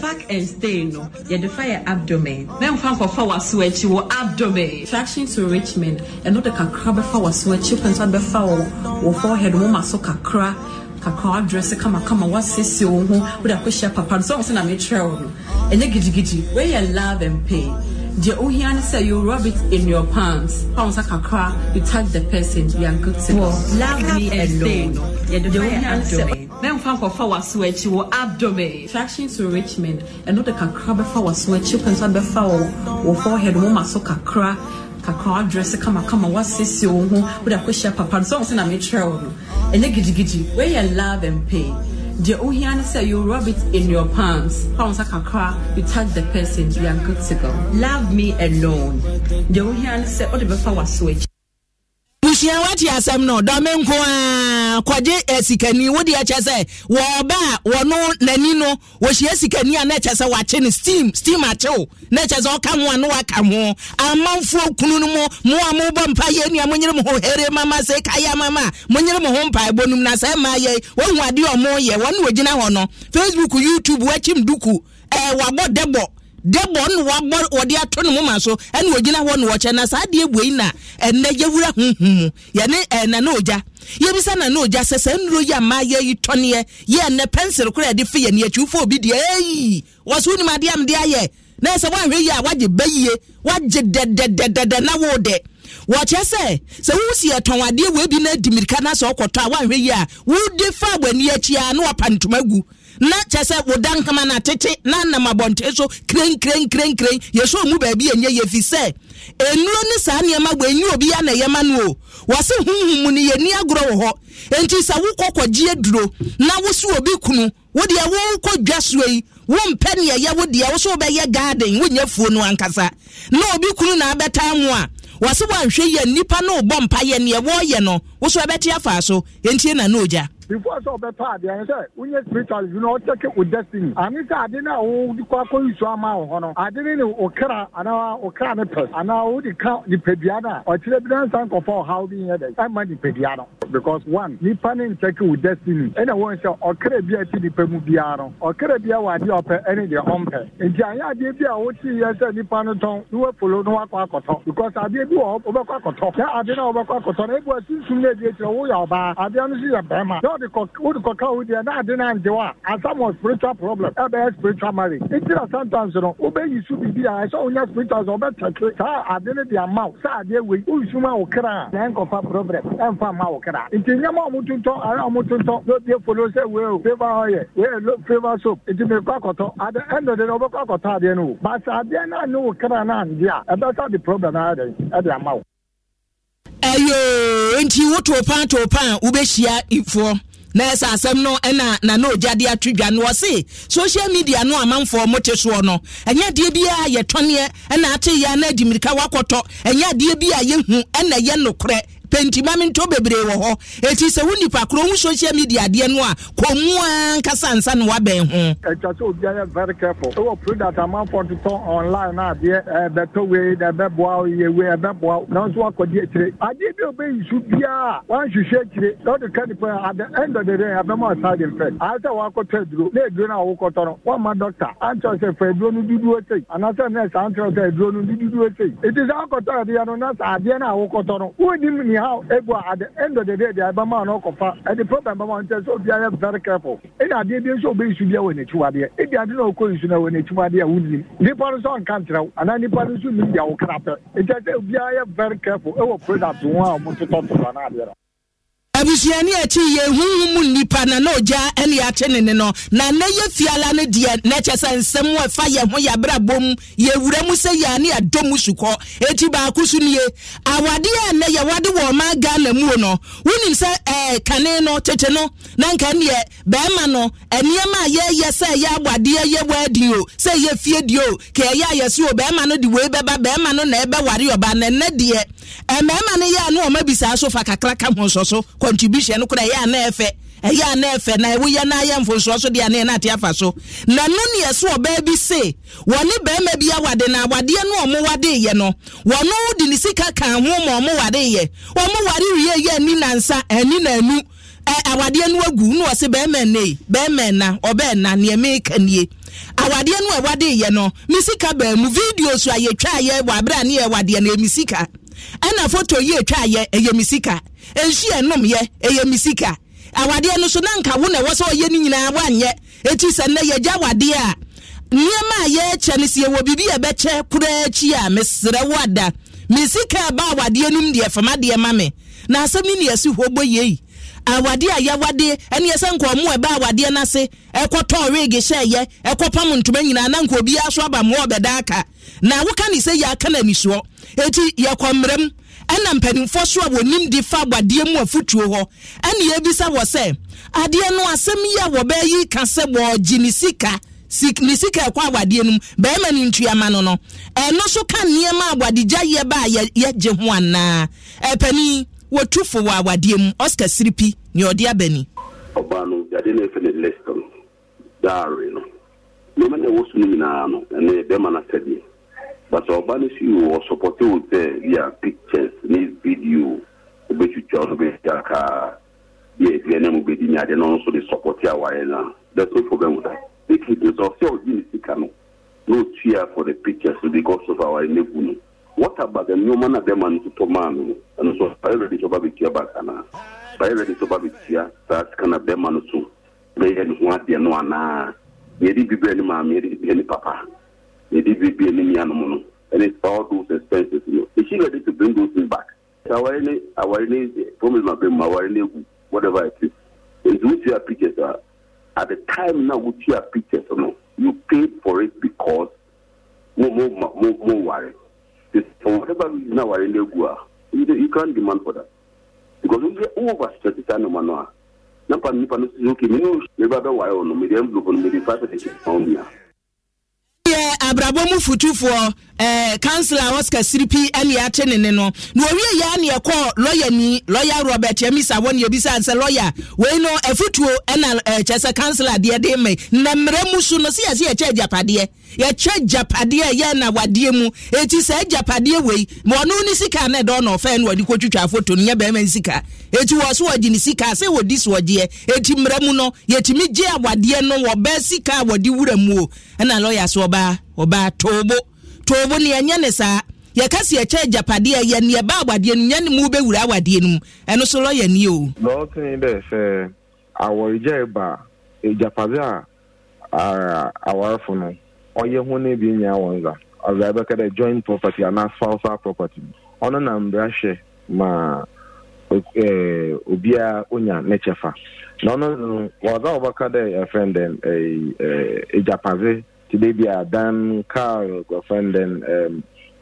Speaker 3: Fuck and stay, no. You defy abdomen. Then fun for power sweat, you will abdomen. Traction to Richmond, and not the kakra kakraba power sweat, chicken to the foul, or forehead woman so kakra, kakra dresser, come, come, what say you who would have pushed your papa, so I'm saying a trail. And you get to get you, where you love and pay the ohian here say you rub it in your pants. Pounds like a car, you touch the person, you are good to Love me alone. Then found for four switch you will abdomen. Traction to Richmond. And not the cacra before was switch you can be foul or forehead woman so cacra. Kakra dress a come a come a what's this you with a push am saying I'm in trouble. And they giddy giddy. Where you love and pay deɛ ohia ne say, you rub it in your palms palms akakra you touch the person you are good to go love me alone
Speaker 5: deɛ ohia ne sɛ ɔde before w'aso switch."
Speaker 3: abusua wate asɛm no dɔme nko a kɔgye eh, sikani wode ɛkyɛ sɛ wɔɔba a wɔno n'ani no wɔhyia sikani a na sɛ wakye no steam steam akyew na ɛkyɛ sɛ ɔka ho a na waka ho amanfoɔ kunu no mu mo a mobɔ mpa yɛ nua monyere mo ho here mama se kaya mama monyere mo ho mpaebɔ nom na sɛ ma yɛ wɔhu adeɛ ɔmo yɛ wɔne wɔgyina hɔ no facebook youtube wakyim duku ɛɛ eh, wabɔ dɛbɔ de bɔ no wabɔ wɔde ato ne moma so ɛne wɔgyina hɔ no wɔkyɛ na saa deɛ wei na ɛnɛ yɛwura honhom mu yɛne ɛnana eh, ogya yɛbisa nana ogya sɛ saa nnuro yi ama yɛyi tɔneɛ yɛ ɛnɛ pɛnsere koraa yɛde fe yɛne akyiwfo obi deɛ ɛyi wɔ so wonim adeɛ amde ayɛ na sɛ woahwɛ yi a wagye bɛyie wagye dɛdɛdɛdɛdɛ na wo dɛ wɔkyɛ sɛ sɛ wosi ɛtɔn adeɛ wei bi na adi mirika na sɛ ɔkɔtɔ a woahwɛ yi a wode fa w'ani akyi a na wɔpa ntoma gu na kyɛ sɛ woda nkama no atete na nam abɔnten so krenkrenkrenkren yɛsɛ mu baabi ɛnyɛ yɛfi sɛ ɛnuo ne saa nneɛma bɔ ɛni obi a na ɛyɛma no o wɔse honhom mu no yɛni agorɔ wɔ hɔ enti sɛ wokɔ kɔgye aduro na wo obi kunu wodeɛ wokɔ dwa soa yi wompɛ ne ɛyɛ wo deɛ wo garden wonyɛ fuo no ankasa na obi kunu na abɛtaa mu a wɔse woanhwɛ yɛ nnipa no wobɔ mpa yɛ neɛ wɔɔyɛ no wo ɛbɛte afa so ɛntie na na
Speaker 9: before sọ ọbẹ pa adi ẹni sẹ wúnyẹ spiritual you know ọtẹkẹ o destiny àní sẹ adi náà o kọ akọ isu ama ọhọ no adi ni ni okra ana okra ni pẹ ana o di ka nipadua náà ọkyerẹ bi náà san kọfọ ọha bi yẹn dẹ ẹ ma nipadua no because one nipa ni ntẹkẹ o destiny ẹna wọn sẹ ọkẹrẹ bi a ti nipa mu bia no ọkẹrẹ bi a adi ọpẹ ẹni deɛ ɔmpẹ nti anyɛ adeɛ bi a wosi yɛ sɛ nipa no tɔn ni wapolo no wakɔ akɔtɔ because adi bi wɔ hɔ wobɛkɔ akɔtɔ na ade na wobɛkɔ akɔtɔ na ebu asunsum na ebi ekyirɛ woyɛ ɔbaa adeɛ no so yɛ bɛrima wọ́ọ̀dì kọ̀ọ̀kan wò diẹ náà dín náà ń jẹwa and some spiritual problem ẹ bẹ yẹ spiritual marriage nti na sometimes no o yi su bibi a ẹ sọ wọn spiritual sọ ọ bẹ sáà adé ni di ama sáà adé wei o ma o kira ẹ nkọ fa problem ẹ nfa ma o kira nti nyẹma ọmọ tuntun ara ọmọ tuntun ló di efolo sẹ wei o favour ọyẹ wei o favour soap nti mi kọ akọtọ adé ẹn dọdẹ náà ọbẹ kọ akọtọ adé ni o bàtà adé náà ni o kira náà ń a ẹ bẹ sá di problem ẹ di
Speaker 3: nti wotopan topan wobɛhyia ifoɔ na ɛsɛ asɛm no ɛna nana ogya de atwi dwa no wɔse social media no amanfoɔ mo te soɔ no ɛnyɛ adeɛ bi a yɛtɔneɛ ɛna ate yɛ ana wakɔtɔ ɛnyɛ adeɛ bi yɛhu ɛna ɛyɛ nokorɛ pentima mi nto bebree wɔ hɔ eti sɛ wo nipa kuro ho social media adeɛ no a kò mu ankasa nsa na wabɛn ho. ɛtwa
Speaker 9: sɛ obi ayɛ very careful ɛwɔ product amanfo totɔ online adeɛ ɛbɛtɔ wei na ɛbɛboa yɛ wei ɛbɛboa nanso akɔdi akyire adeɛ bi a ɔbɛyi su biara wanhwehwɛ akyire na ɔde ka nipa at the end of the day abɛma ɔside effect ayɛ sɛ wakɔtɔ aduro na aduro no a wokɔtɔ no wama dɔkta ankyɛ sɛ fa aduro no dudu ɔsɛi anaasɛ nɛɛsa ankyerɛ sɛ aduro no dudu ɔsɛi ɛti sɛ akɔtɔ adeɛ no na sɛ adeɛ no a wokɔtɔ no wonnim nea how egu at the end of the day, di Alabama no kofa. And the problem Alabama is so be very careful. Any idea be so be should be when it should be. If you don't know ko issue na when it should be, we need. The person can't And any person should be your character. very careful. Ewo product one, we to talk
Speaker 3: abusuani akyi yɛ huhu mu nnipa na na ogya ne yɛakye ne ne no na na yɛ fiala e e no deɛ na kyɛ sɛ nsɛm a ɛfa yɛn ho yɛabrabɔ mu yɛwura mu sɛ yɛa ne yɛdɔ eh, mu sukɔ ɛti baako so nie awadeɛ a nnɛ yɛwade wɔ ɔma ghana muo no wonim sɛ ɛɛ kane no tete no na nka neɛ bɛrima no nneɛma a yɛyɛ sɛ ɛyɛ awadeɛ yɛ wɔadi o sɛ ɛyɛ fie die o ka ɛyɛ ayɛ o bɛrima no de wei bɛba bɛrima no na ɛbɛware ɔba na nnɛ deɛ mmarima no yɛ a no ɔma bisaa so fa kakra ka ho nsɔ so contribution no koraa ɛyɛ ana ɛfɛ ɛyɛ ana ɛfɛ na ɛwoyɛ na ayɛ mfonsoɔ so deɛ ana ɛna ate afa so na no ne ɛso ɔbaa bi se wɔne barima bi awade na awadeɛ no ɔmo wadeeyɛ no wɔno de ne sika kan ho ma ɔmo wadeeyɛ ɔmo wade wie yɛ ani nansa ani nanu ɛ awadeɛ no agu na ɔse barima nne barima nna ɔbɛɛ nna nea meka nie awadeɛ no ɛwadeeyɛ no me sika baa mu videos a yɛtwa ayɛ wɔ aberɛ a ne yɛ wadeɛ no ɛmi sika ɛna foto yi atwa yɛ ɛyɛ mi sika nsu ɛnum yɛ ɛyɛ mi sika awadeɛ no so na nka wo na ɛwɔ sɛ ɔyɛ ne nyinaa wanyɛ eti sɛ nnɛ yɛgya awadeɛ a nneɛma a yɛrekyɛ no sɛ yɛwɔ biribi a ɛbɛkyɛ koraa akyi a mesrɛ wo ada me sika ba awadeɛ no mu deɛ fama deɛ ma me na asɛm ne neɛ si hɔ bɔ yie awadeɛ a yɛwadeɛ ɛne yɛ sɛ nka ɔmo ɛba awadeɛ no ase ɛkɔ tɔɔ reege hyɛ yɛ ɛkɔ pam ntoma nyinaa na nka obiara so aba mmoa ɔbɛda aka na woka ne sɛ yɛaka no anisoɔ eti yɛkɔ mmerɛ mu ɛna mpanimfoɔ so a wɔnim de fa agbadeɛ mu afutuo hɔ ɛna yɛbisa wɔ sɛ adeɛ no asɛm yi a wɔbɛyi ka sɛ wɔɔgye ne sika ne sika ɛkɔ awadeɛ no mu bɛrima ne ntuama no no ɛno so ka nneɛma awadegya yɛ ba a yɛgye ho anaa ɛpɛni e wɔtu fo wɔ awadeɛ mu oscar siripi nea ɔde aba
Speaker 4: ɔbaa no yade na efe ne list no daare no nneɛma na ɛwɔ so no nyinaa no ɛne bɛrima na sɛdeɛ but ọba no si wọ sọpọtẹ o tẹ via pictures ní video obetwitwa ọdọbẹtwa kaa bí ẹ fi ẹnẹ mu gbèdí ní adé náà nso de sọpọtẹ àwa yẹn náà that's no problem with that make it nso ọsẹ ọdí ní sika no no tuya for the pictures because of our enegu what about the new man bẹẹ ma no
Speaker 3: futufoɔ council a wɔsika siripi ɛne yɛate ne ne no na owie yɛ ne yɛkɔ lɔya ni lɔya robert yamisa wɔ ne yɛbisa sɛ lɔya wei no afutuo ɛna kyɛ eh, sɛ council adeɛ de ma na mmerɛ mu so no sɛ yɛsɛ yɛkyɛ agyapadeɛ yɛkyɛ agyapadeɛ yɛ na wadeɛ mu eti sɛ agyapadeɛ wei ma ɔno sika ne dɔn na ɔfɛn no wɔde kɔtwitwa foto no nyɛ bɛrima ne sika eti wɔ so wɔgye ne sika sɛ wɔdi soɔgyeɛ eti mmerɛ mu no yɛtumi gye awadeɛ no wɔ bɛɛ sika a wɔde wura mu o ɛna lɔya so ɔbaa ɔbaa toobo toobo ne ɛnyɛ ne saa yɛka si ɛkyɛ agyapadeɛ yɛ ne yɛba awadeɛ no nyɛ ne mu bɛwura awadeɛ no mu ɛno so lɔyɛ ni o.
Speaker 8: lɔɔtun dɛ sɛ awɔregya ba agyapadeɛ a awarefo no ɔyɛ ho ne bi nyɛ wɔn nza ɔbɛrɛ bɛka dɛ joint property anaa spousal property ɔno na mbra hyɛ ma obiara onya ne kyɛfa na ɔno no wɔdze a wɔbɛka dɛ ɛfɛn dɛ agyapadeɛ. nti beebi a dan car girlfriend then um,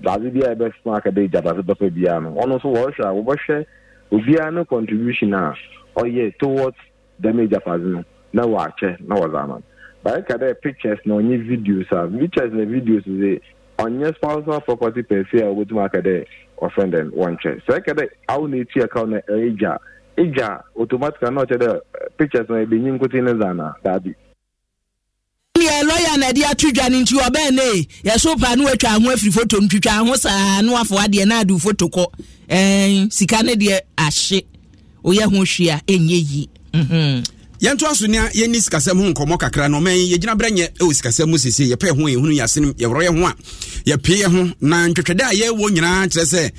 Speaker 8: dadze bi a yɛbɛfom aka dɛ gya dadze bɛpɛ biara no ɔno nso wɔrehwɛ a wɔbɛhwɛ obiara no contribution a ah. ɔyɛ oh, towards dɛm agyapadze eh, no na wɔakyɛ na wɔdze ama but ɛka dɛ pictures na ɔnye videos a pictures na videos de ɔnyɛ spousal property per se a wɔbɛtum aka dɛ ɔfɛn dɛ wɔnkyɛ sɛ ɛka dɛ awo na etu ɛka na ɛyɛ gya egya automatically na ɔkyɛ dɛ pictures na ebenyi nkotin ne dza daabi
Speaker 3: sɛ lɔya na ɛde ato dwa no nti ɔbɛn ne yɛso pa ne watwa ho afiri foto no twitwa ho saa ne wafo adeɛ na ade foto kɔ ɛn sika ne deɛ ahye woyɛ ho hwee ɛnyɛ yie
Speaker 2: mhm. yɛnto aso nea yɛni sikasɛm ho nkɔmmɔ kakra no ɔman yɛgyina berɛ nyɛ ɛwɔ sikasɛm mu sesei yɛpɛ ho hunu yɛasenem yɛworɔ yɛ ho a yɛpee ho na ntwetwɛdɛ a yɛwɔ nyinaa kyerɛ sɛ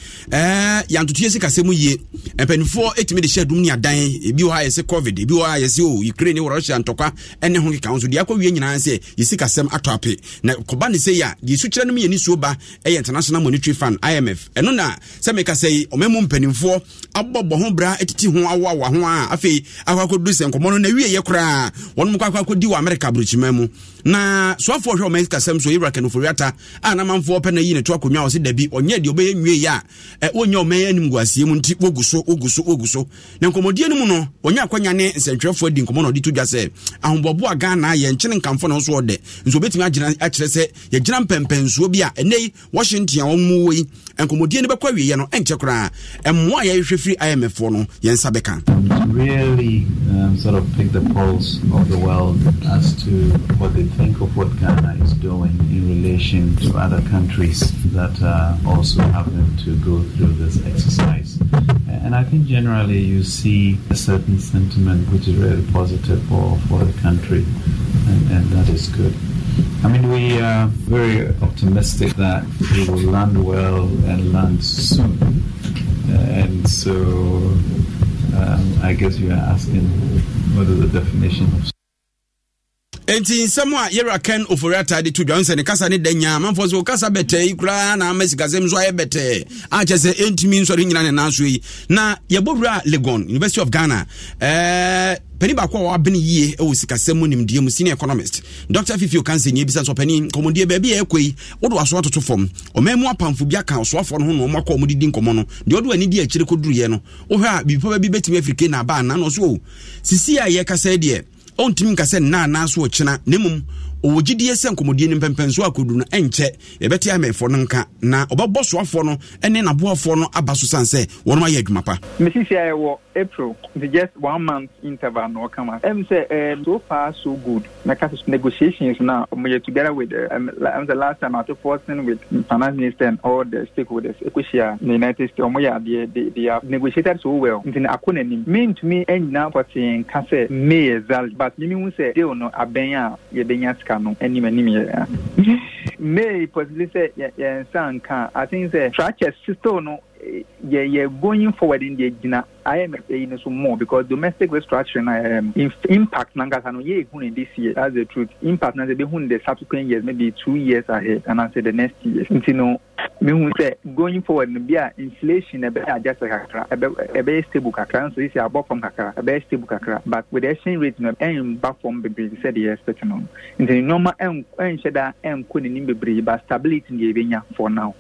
Speaker 2: yɛantotue sikasɛm yie mpanifoɔ ɛtumi de hyɛ adum ne adan ebi hɔ a yɛsɛ covid ebi hɔ a yɛsɛ o oh, ukraine wɔ russia ntɔkwa ɛne ho keka ho so deɛ akɔwie nyinaa sɛ yɛsikasɛm atɔ ape na kɔba ne sɛ yi a deɛ sukyerɛ no m yɛni suo ba ɛyɛ international monetary fund imf ɛno na sɛ meka sɛ yi ɔma mu mpanimfoɔ abɔbɔ ho bra etiti ho awoawa ho a afei akɔ akɔduru sɛ nkɔmmɔ no ɛwieyɛ koraa wɔnom kɔ di wɔ amerika aburokyima mu na soafoɔ hwɛ ɔma kasɛm so ewura kanoforiata a na manfoɔ pɛ na yi ne to akonnwa ɔse dabi ɔnyɛ deɛ ɔbɛyɛ nwieyi a wɔnya ɔma anim guaseɛ mu nti wɔgu so wɔgu so wɔgu so na nkɔmmɔdie no mu no ɔnya akɔnya ne nsɛntwerɛfoɔ di nkɔmmɔ na ɔde to dwa sɛ ahombɔboa ghana yɛ nkyene nkamfo na nso ɔdɛ nso wobɛtumi akyerɛ sɛ yɛgyina mpɛmpɛnsuo bi a ɛnɛ yi washington a wɔmmuwɔ yi nkɔmmɔdie no bɛkɔ awieɛ no ɛnkyɛ koraa ɛmmoa a yɛhwehwɛ firi imffoɔ no yɛn nsa bɛka
Speaker 6: Really um, sort of pick the pulse of the world as to what they think of what Ghana is doing in relation to other countries that are uh, also having to go through this exercise. And I think generally you see a certain sentiment which is very positive for, the country, and that is good. I mean, we are very optimistic that we will land well and
Speaker 7: land soon. Uh, and so um, I guess you are asking what is the definition of
Speaker 2: nti nsɛm a yɛwura ken ofori ataade to dwa nsɛ ne kasa ne da nyaa manfoɔ sɛ wokasa bɛtɛi koraa na ama sikasɛm nso ayɛ bɛtɛɛ akyɛ sɛ ɛntumi nsɔre nyina ne naa yi na yɛbɔwura legon university of ghana eh, panin baako a wabene yie wɔ sikasɛm mu nimdeɛ mu senior economist dr fifio fifi okansani bisa sɛ ɔpanin nkɔmmɔdeɛ baabi a ɛkɔ yi wode waso atoto fam ɔman mu apamfo bi aka ɔsoafoɔ no ho na ɔmakɔ ɔmo didi nkɔmmɔ no deɛ ɔde w'ani di akyire kɔduruyɛ no wohwɛ a biribi ba bi bɛtumi afiri na aba anaa na ɔso o sisi a yɛkasa deɛ ɔntumi nka sɛ nna anaa ɔkyena na mmom ɔwɔ gyidie sɛ nkɔmmɔdie no mpɛmpɛnso akɔdu no ɛnkyɛ yɛbɛte amɛfoɔ no nka na ɔbɛbɔ soafoɔ no ne naboafoɔ no aba so sane sɛ wɔnom ayɛ adwuma pa
Speaker 1: mesisi a april nti just one month interval na ɔka ma ɛm sɛ eh, so far so good na ka negotiations na ɔmoyɛ together with eh, ɛm um, sɛ last time ato forcing with finance minister and all the stakeholders ekohyia na united states ɔmoyɛ adeɛ they they have negotiated so well nti na akɔ n'anim mentumi ɛnyina pɔtee nka sɛ may exactly but mimi hu sɛ deal no abɛn a yɛbɛnya sika no anim anim yɛ eh. may possibly sɛ yɛnsa nka i think sɛ structure still no yɛ yɛ going forward in deɛ gyina imf yi no so more because domestic restructuring um, impact nankasa no yɛ ehun in this year that's the truth impact na sɛ ebi hun the subsequent years maybe two years ahead and I say the next year nti no mehu sɛ going forward no bi a inflation ɛbɛyɛ adjust kakra ɛbɛyɛ stable kakra nso sisi abɔ fam kakra ɛbɛyɛ stable kakra but with the exchange rate no ɛnba fam bebree sɛ deɛ expect no nti nneɛma ɛnhyɛ da ɛnkɔ n'anim bebree but stability deɛ ebenya for now.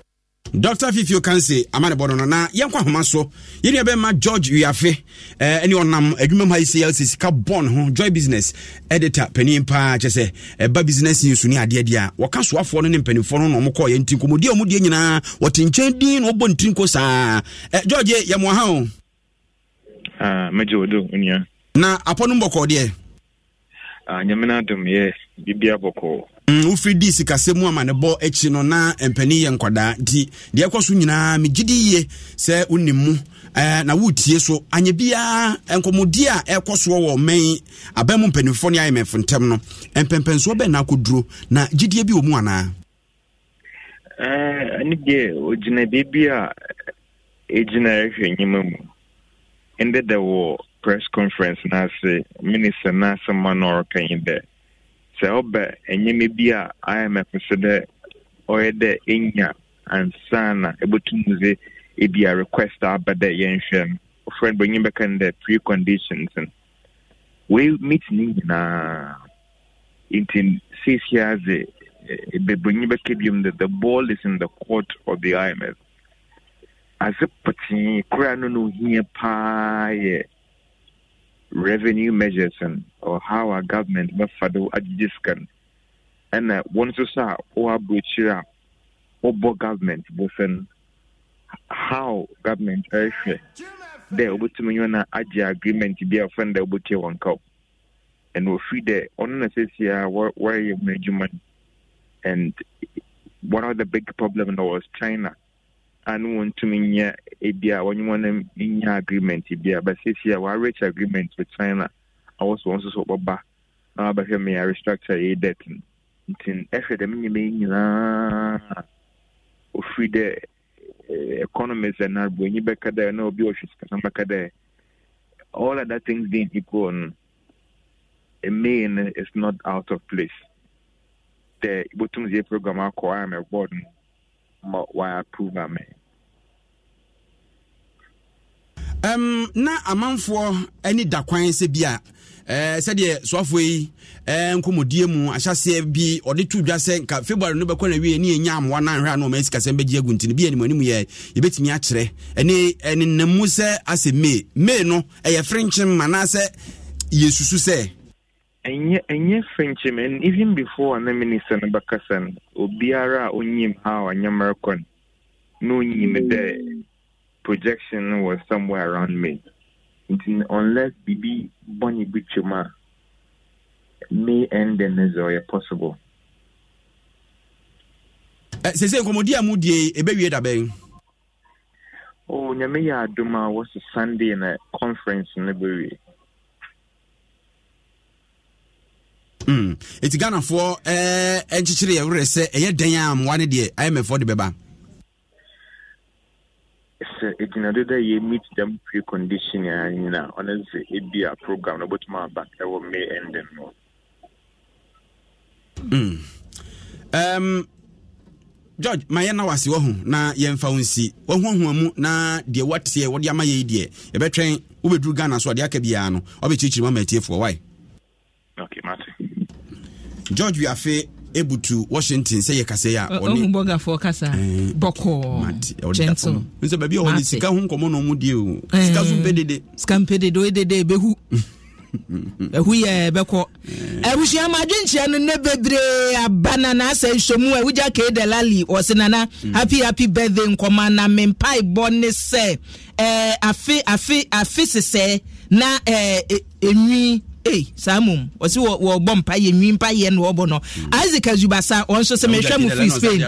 Speaker 2: dr fifio kanse amane bɔdɔ no na yɛnkɔ ahoma so yɛnua bɛma george wiafe eh, ɛne ɔnam adwuma mu ha yɛsɛ yɛsɛ sika bɔn ho joy business editor panin paa kyɛ sɛ ɛba business news ne adeɛdeɛ a wɔka soafoɔ no ne mpanimfoɔ no na ɔmo kɔɔ yɛ ntinko mɔdeɛ ɔmo deɛ nyinaa wɔte nkyɛn din na wɔbɔ ntinko saa ɛ eh, george yɛmoa ha o
Speaker 8: ah, mɛgye wo do onua na
Speaker 2: apɔ no mbɔkɔɔ deɛ
Speaker 8: ah, nyame no adom yɛ bibia bɔkɔɔ
Speaker 2: Mm, wofiri dii sikasɛ mu ama ne bɔ akyi no na mpani yɛ nkwadaa nti deɛ ɛkɔ so nyinaa megyedi yie sɛ wonim mu eh, na wotie so anyɛ biara nkɔmmɔdi a ɛkɔ soɔ wɔ mmɛn aban mu mpanimfoɔ ne ayɛmɛfo ntɛm no mpɛmpɛnsoɔ bɛn na akɔduro na gyidie bi wɔ mu anaa
Speaker 8: ɛne eh, deɛ ɔgyina baabi a ɛgyina ɛhwɛ nyima mu ɛndɛ dɛ wɔ press conference no ase minista no ase a na ɔreka dɛ sɛ ɔbɛ ɛnyɛma bi a imf sɛ dɛ ɔyɛ dɛ ɛnya ansa na ɛbɛtum dze ebi a request aba dɛ yɛnhwɛ no ofrɛ no bɛnyin bɛka no dɛ preconditions no wei meet ne nyinaa nti seesia dze bɛbɛnyin bɛka biom dɛ the ball is in the court of the imf adze petee koraa no na ohia paa yɛ revenue measures and how our government must fado adjiskan and uh one to sa or butchira or government both and how government uh, uh, there will be to me on aji agreement to be a friend that will be one cup and we'll free there on the city where you're and one of the big problems was china ane wɔntumi nyɛ ebi a wɔnye wɔn nya agreement bi a bɛsiesie a wɔarich agreement with china awɔ so wɔn nso so wɔbɛba na wɔabɛhwɛ mmea restructure yɛ debt no nti ɛhwɛ dɛm nneɛma yi nyinaa ofiri dɛ economist and abonyi bɛka dɛ na obi ɔhwɛ sikasa bɛka dɛ all other things being equal no a main is not out of place dɛ ibotum zie program akɔ a mɛ board no wɔapprove amɛ
Speaker 2: um, na amanfoɔ ani da kwan sɛ bi a eh, sɛdeɛ soafoɔ yi eh, nkɔmmɔdie mu ahyɛseɛ bi ɔde to dwa sɛ nka february no bɛkɔ na wie ne yɛnya amoa no anhwɛ a na ɔma sikasɛm bɛgye agu nti no bi animanim yɛ yɛbɛtumi akyerɛ ɛne ɛnenam mu sɛ asɛ may may no ɛyɛ frenkyem ma anaasɛ yɛsusu sɛ ɛnyɛ ɛnyɛ finchim even before ana
Speaker 8: minister no bɛkasa no obiara a onyim how anyamara kɔ no na onyim dɛ projection no was somewhere around me nti unless biribi bɔne bi twam a me ɛndɛ no sɛ ɔyɛ possible eh, sese nkɔmmɔdi a mu die ɛbɛwie da bɛn o oh, nyame yɛ adom a wɔse sunday na conference no bɛwie
Speaker 2: ɛti mm. ghanafoɔ eh, nkyekyere yɛwerɛ sɛ ɛyɛ dɛn a mmoa no deɛ imfɔ de bɛba
Speaker 8: sɛ ɛgyina do yɛ meet them pre condition a nyina ɔno sɛ ɛbi a program no wobɛtumi aba ɛwɔ may ending no
Speaker 2: um, george ma ya na wase wɔ ho na yɛmfa wo nsi wahoahoa ọmụ na deɛ wateɛ ama yɛi deɛ yɛbɛtwɛn wobɛduru ghana so a deɛ aka biara no wabɛkyirikyiri ma ma atiefoɔ wae george wiafe ebutu washington sɛ yɛ kasa yi a ɔne
Speaker 3: ɔhubɔgafoɔ kasa bɔkɔɔ gentle nsɛ baabi a ɔne sika ho
Speaker 2: nkɔmɔ na ɔmo die o eh, sika so mpɛ dede
Speaker 3: sika mpɛ dede o dede ebehu ɛhu yɛ bɛkɔ abusua ma adwenkyerɛ no ne bebree aba na naasɛ nsomu a wogya kee de lali ɔse nana hmm. happy happy birthday nkɔma na mempaebɔ ne sɛ eh, afe afe afe sesɛ na ɛnwi eh, e, ei saa mom ɔsi wɔbɔ mpayɛ nwi mpayɛ no wɔbɔ no hmm. isaac
Speaker 2: azubasa ɔnso sɛ mehwɛ mu firi spain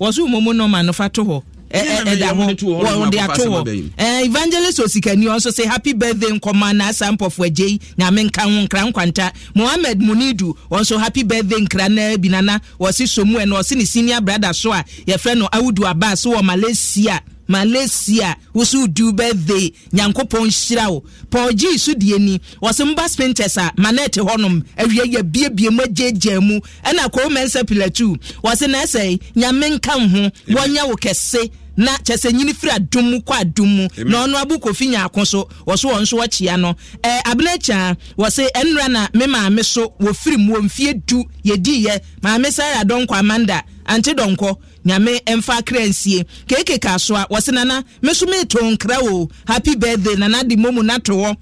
Speaker 3: wɔse womomu nɔma no fa to hɔ
Speaker 2: ɛda hɔ wɔde ato hɔ
Speaker 3: evangelist osikani ɔnso sɛ happy birthday nkɔma na asa mpɔfo agyei nyame nka ho nkra nkwanta Mohamed munidu ɔnso happy birthday nkra na binana wɔse somue no ɔse ne senior brother so a yɛfrɛ no awudu abas wɔ malaysia malaysia woso diw birthday nyankopɔn hyira wo paul g so deɛ ni wɔsɛ mba sprinters a manet hɔnom awia yɛ biebie mu agyagyaa mu ɛna kɔɔ mɛnsa pilatu wɔsɛ na ɛsɛ nyame nka ho wɔnyɛ wo kɛse na kyɛsɛ nyini firi adum mu kɔ adum mu na ɔno abu kofi nyaako so wɔso wɔn nso wɔkyea no ɛɛ abenakya wɔse ɛnura na me maame so wɔfiri mu wɔn mfie du yɛdiiɛ maame sara dɔnkɔ amanda ante dɔnkɔ nyame mfa kransie nsie keeke ka so a wɔse nana meso meto nkra o happy birthday nana de momu natoɔ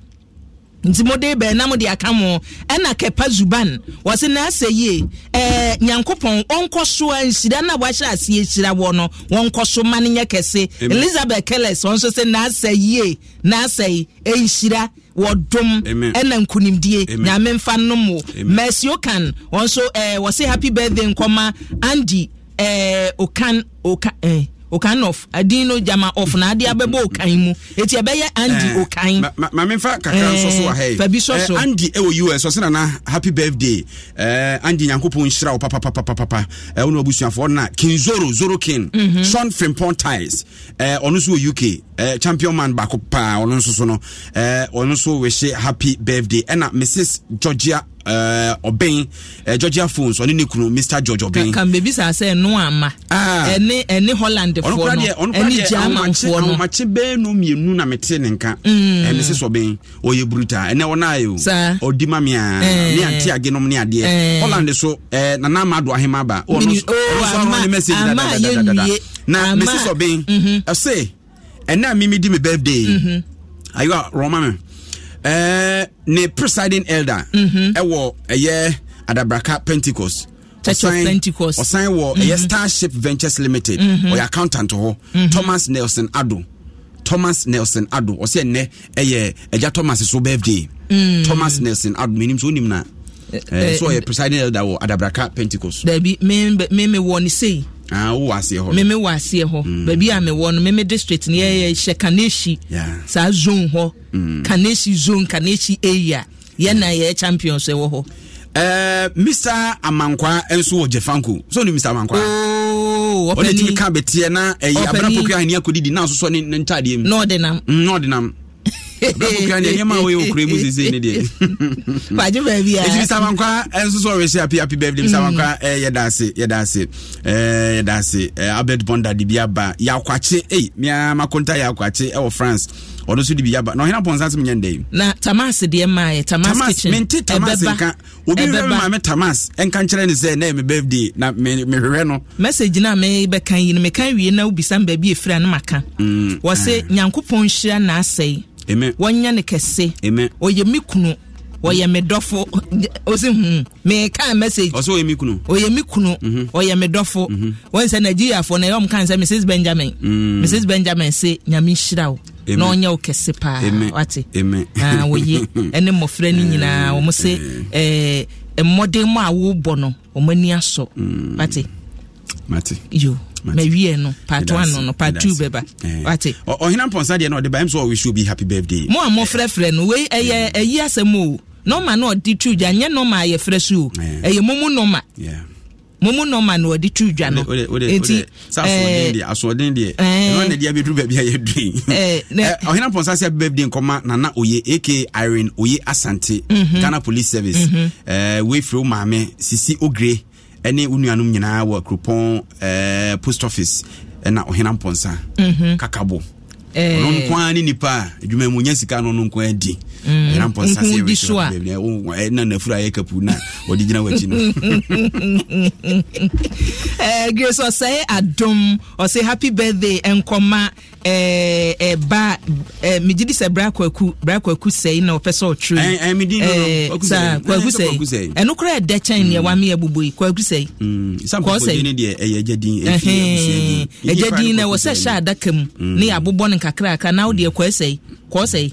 Speaker 3: nti bɛn na de aka mo ɛna kɛpa zuban wɔsi na asɛ yie ɛɛ nyankopɔn ɔnkɔ nhyira na wahyɛ aseɛ hyira wɔ no wɔnkɔ so ma kɛse elizabeth kelles wɔn sɛ na asɛ yie na asɛ yi nhyira wɔdom ɛna nkunimdie nyame nfa nom wo mercy okan wɔn ɛɛ wɔsi happy birthday nkɔma andy ɛɛ okan okan ɛɛ okan of adin no gyama of na ade abɛbɔ okan mu eti ɛbɛyɛ
Speaker 2: andy eh, okan. maame nfa kakra eh, nso so wɔ ha yi fabi sɔ so eh, andy ɛwɔ us ɔsɛ nana happy birthday ɛɛ andy nyankopɔn nhyira wo papapapapa ɛwɔ na obusuafoɔ na king zoro zoro king mhm. sean frimpong ties ɛɛ ɔno nso wɔ uk ɛɛ champion man baako paa ɔno nso so no ɛɛ ɔno nso wɔ hyɛ happy birthday ɛna mrs georgia. Ọbẹn, eh, eh, georgia phones ɔne ne kunu mr george Ọbẹn. kan
Speaker 3: bebi sa sɛ ɛnu ama ɛne ah. ɛne holland foɔ no ɛne german foɔ no
Speaker 2: ahomakye bɛɛ no mmienu na mete ne nka ɛne sɛ sɔbɛn ɔyɛ buruta ɛnɛ wɔn ayɛ o ɔdi ma mia ne eh. ante age nom ne holland so nana ama do ahema aba ɔno so ɔno oh, message dadadadadada na mrs ɔbɛn ɛsɛ ɛnna mimi di mi birthday ayiwa rɔma mi. ɛɛ eh, ne presiding elder ɛwɔ mm-hmm. ɛyɛ adabraka pentecost ɔsan wɔ ɛyɛ starship ventures limited ɔyɛ mm-hmm. accountant hɔ mm-hmm. thomas nelson ado thomas nelson ado ɔsɛ ɛnɛ ɛyɛ ɛgya thomas so birthday mm. thomas nelson ado menim so wonim na eh, eh, so ɔyɛ presiding elder wɔ adabraka pentecost dabi memewɔ ne sei hɔ meme
Speaker 3: wɔ aseɛ hɔ baabi a mewɔ no meme district mm, no yɛhyɛ kaneshi saa zone hɔ kaneshi zone kaneshi area yɛna yɛ champions ɛwɔ hɔ
Speaker 2: Uh, mr amankwa nso wɔ jefanko so ne mr amankwa ɔne tumi ka bɛteɛ na ɛyɛ abena pokua ahani akɔdidi na nso sɔ ne ntadeɛ mu na bɛkokra ne ɛnyɛma woyɛ wɔkura mu sesei ne eh, eh, eh, bonda de bi aba yɛakwakye ei yɛakwakye ɛwɔ france ɔno nso de bi yaba na ɔhena pɔnsa sɛ menyɛ ndɛn
Speaker 3: tamas nka obi wɛ me
Speaker 2: tamas ɛnka nkyerɛ ne sɛ na ɛyɛ me birthday na mehwehwɛ no
Speaker 3: message no a mebɛka yi no meka wie na wobisa me baabi ɛfiri a no maka mm, wɔ sɛ nyankopɔn hyira naasɛe wɔnyɛ no kɛse ɔyɛ me kunu ɔyɛ mhm. me dɔfo ɔsi mhm. hu meka message ɔsɛ ɔyɛ me kunu ɔyɛ me kunu ɔyɛ me dɔfo wɔn sɛ nigeriafoɔ na ɛyɛ kan sɛ mrs benjamin mrs mm. benjamin se nyame nhyira wo na ɔnyɛ wo kɛse paa
Speaker 2: wate ah, wɔyi
Speaker 3: ɛne mmɔfra ni nyinaa wɔn se eh, mmɔden mu a wɔrebɔ no wɔn ani asɔ mm. wate yo mawie no part one no no part two bɛba
Speaker 2: wate ɔhena mpɔnsa deɛ na ɔde baɛm sɛ ɔwisuo bi happy birthday
Speaker 3: mo a mɔfrɛfrɛ no wei ɛyɛ ɛyi asɛm o nɔma na ɔde tu dwa nyɛ nɔma a yɛfrɛ so o ɛyɛ momu nɔma momu nɔma na ɔde tu dwa no mpɔnsa
Speaker 2: sɛ happy birthday nkɔma nana oye ak irene oye asante mhm. ghana police service wei firi wo maame sisi ogre ɛne wo nuanom nyinaa wɔ kuropɔn eh, post office ɛna eh, ɔhena mpɔnsa mhm. kakabo eh. ɔno nko a ne nipa a adwuma mu nya sika no no nko di rampɔsasɛdi so a ɛna nafura yɛ kapu na ɔde gyina wakyi no
Speaker 3: grace ɔsɛe adom ɔsɛ happy birthday nkɔma eh, eh, ba eh, megye di sɛ bra kwaku sɛi na ɔpɛ sɛ ɔtwerɛ mm. kwaku sɛi ɛno kora ɛdɛ kyɛn neɛ wame yɛbobɔ yi kwaku sɛi
Speaker 2: agya din na
Speaker 3: ɛwɔ sɛ hyɛ adaka mu ne yɛabobɔ no nkakraka na wodeɛ kwae sɛi kɔɔ sɛi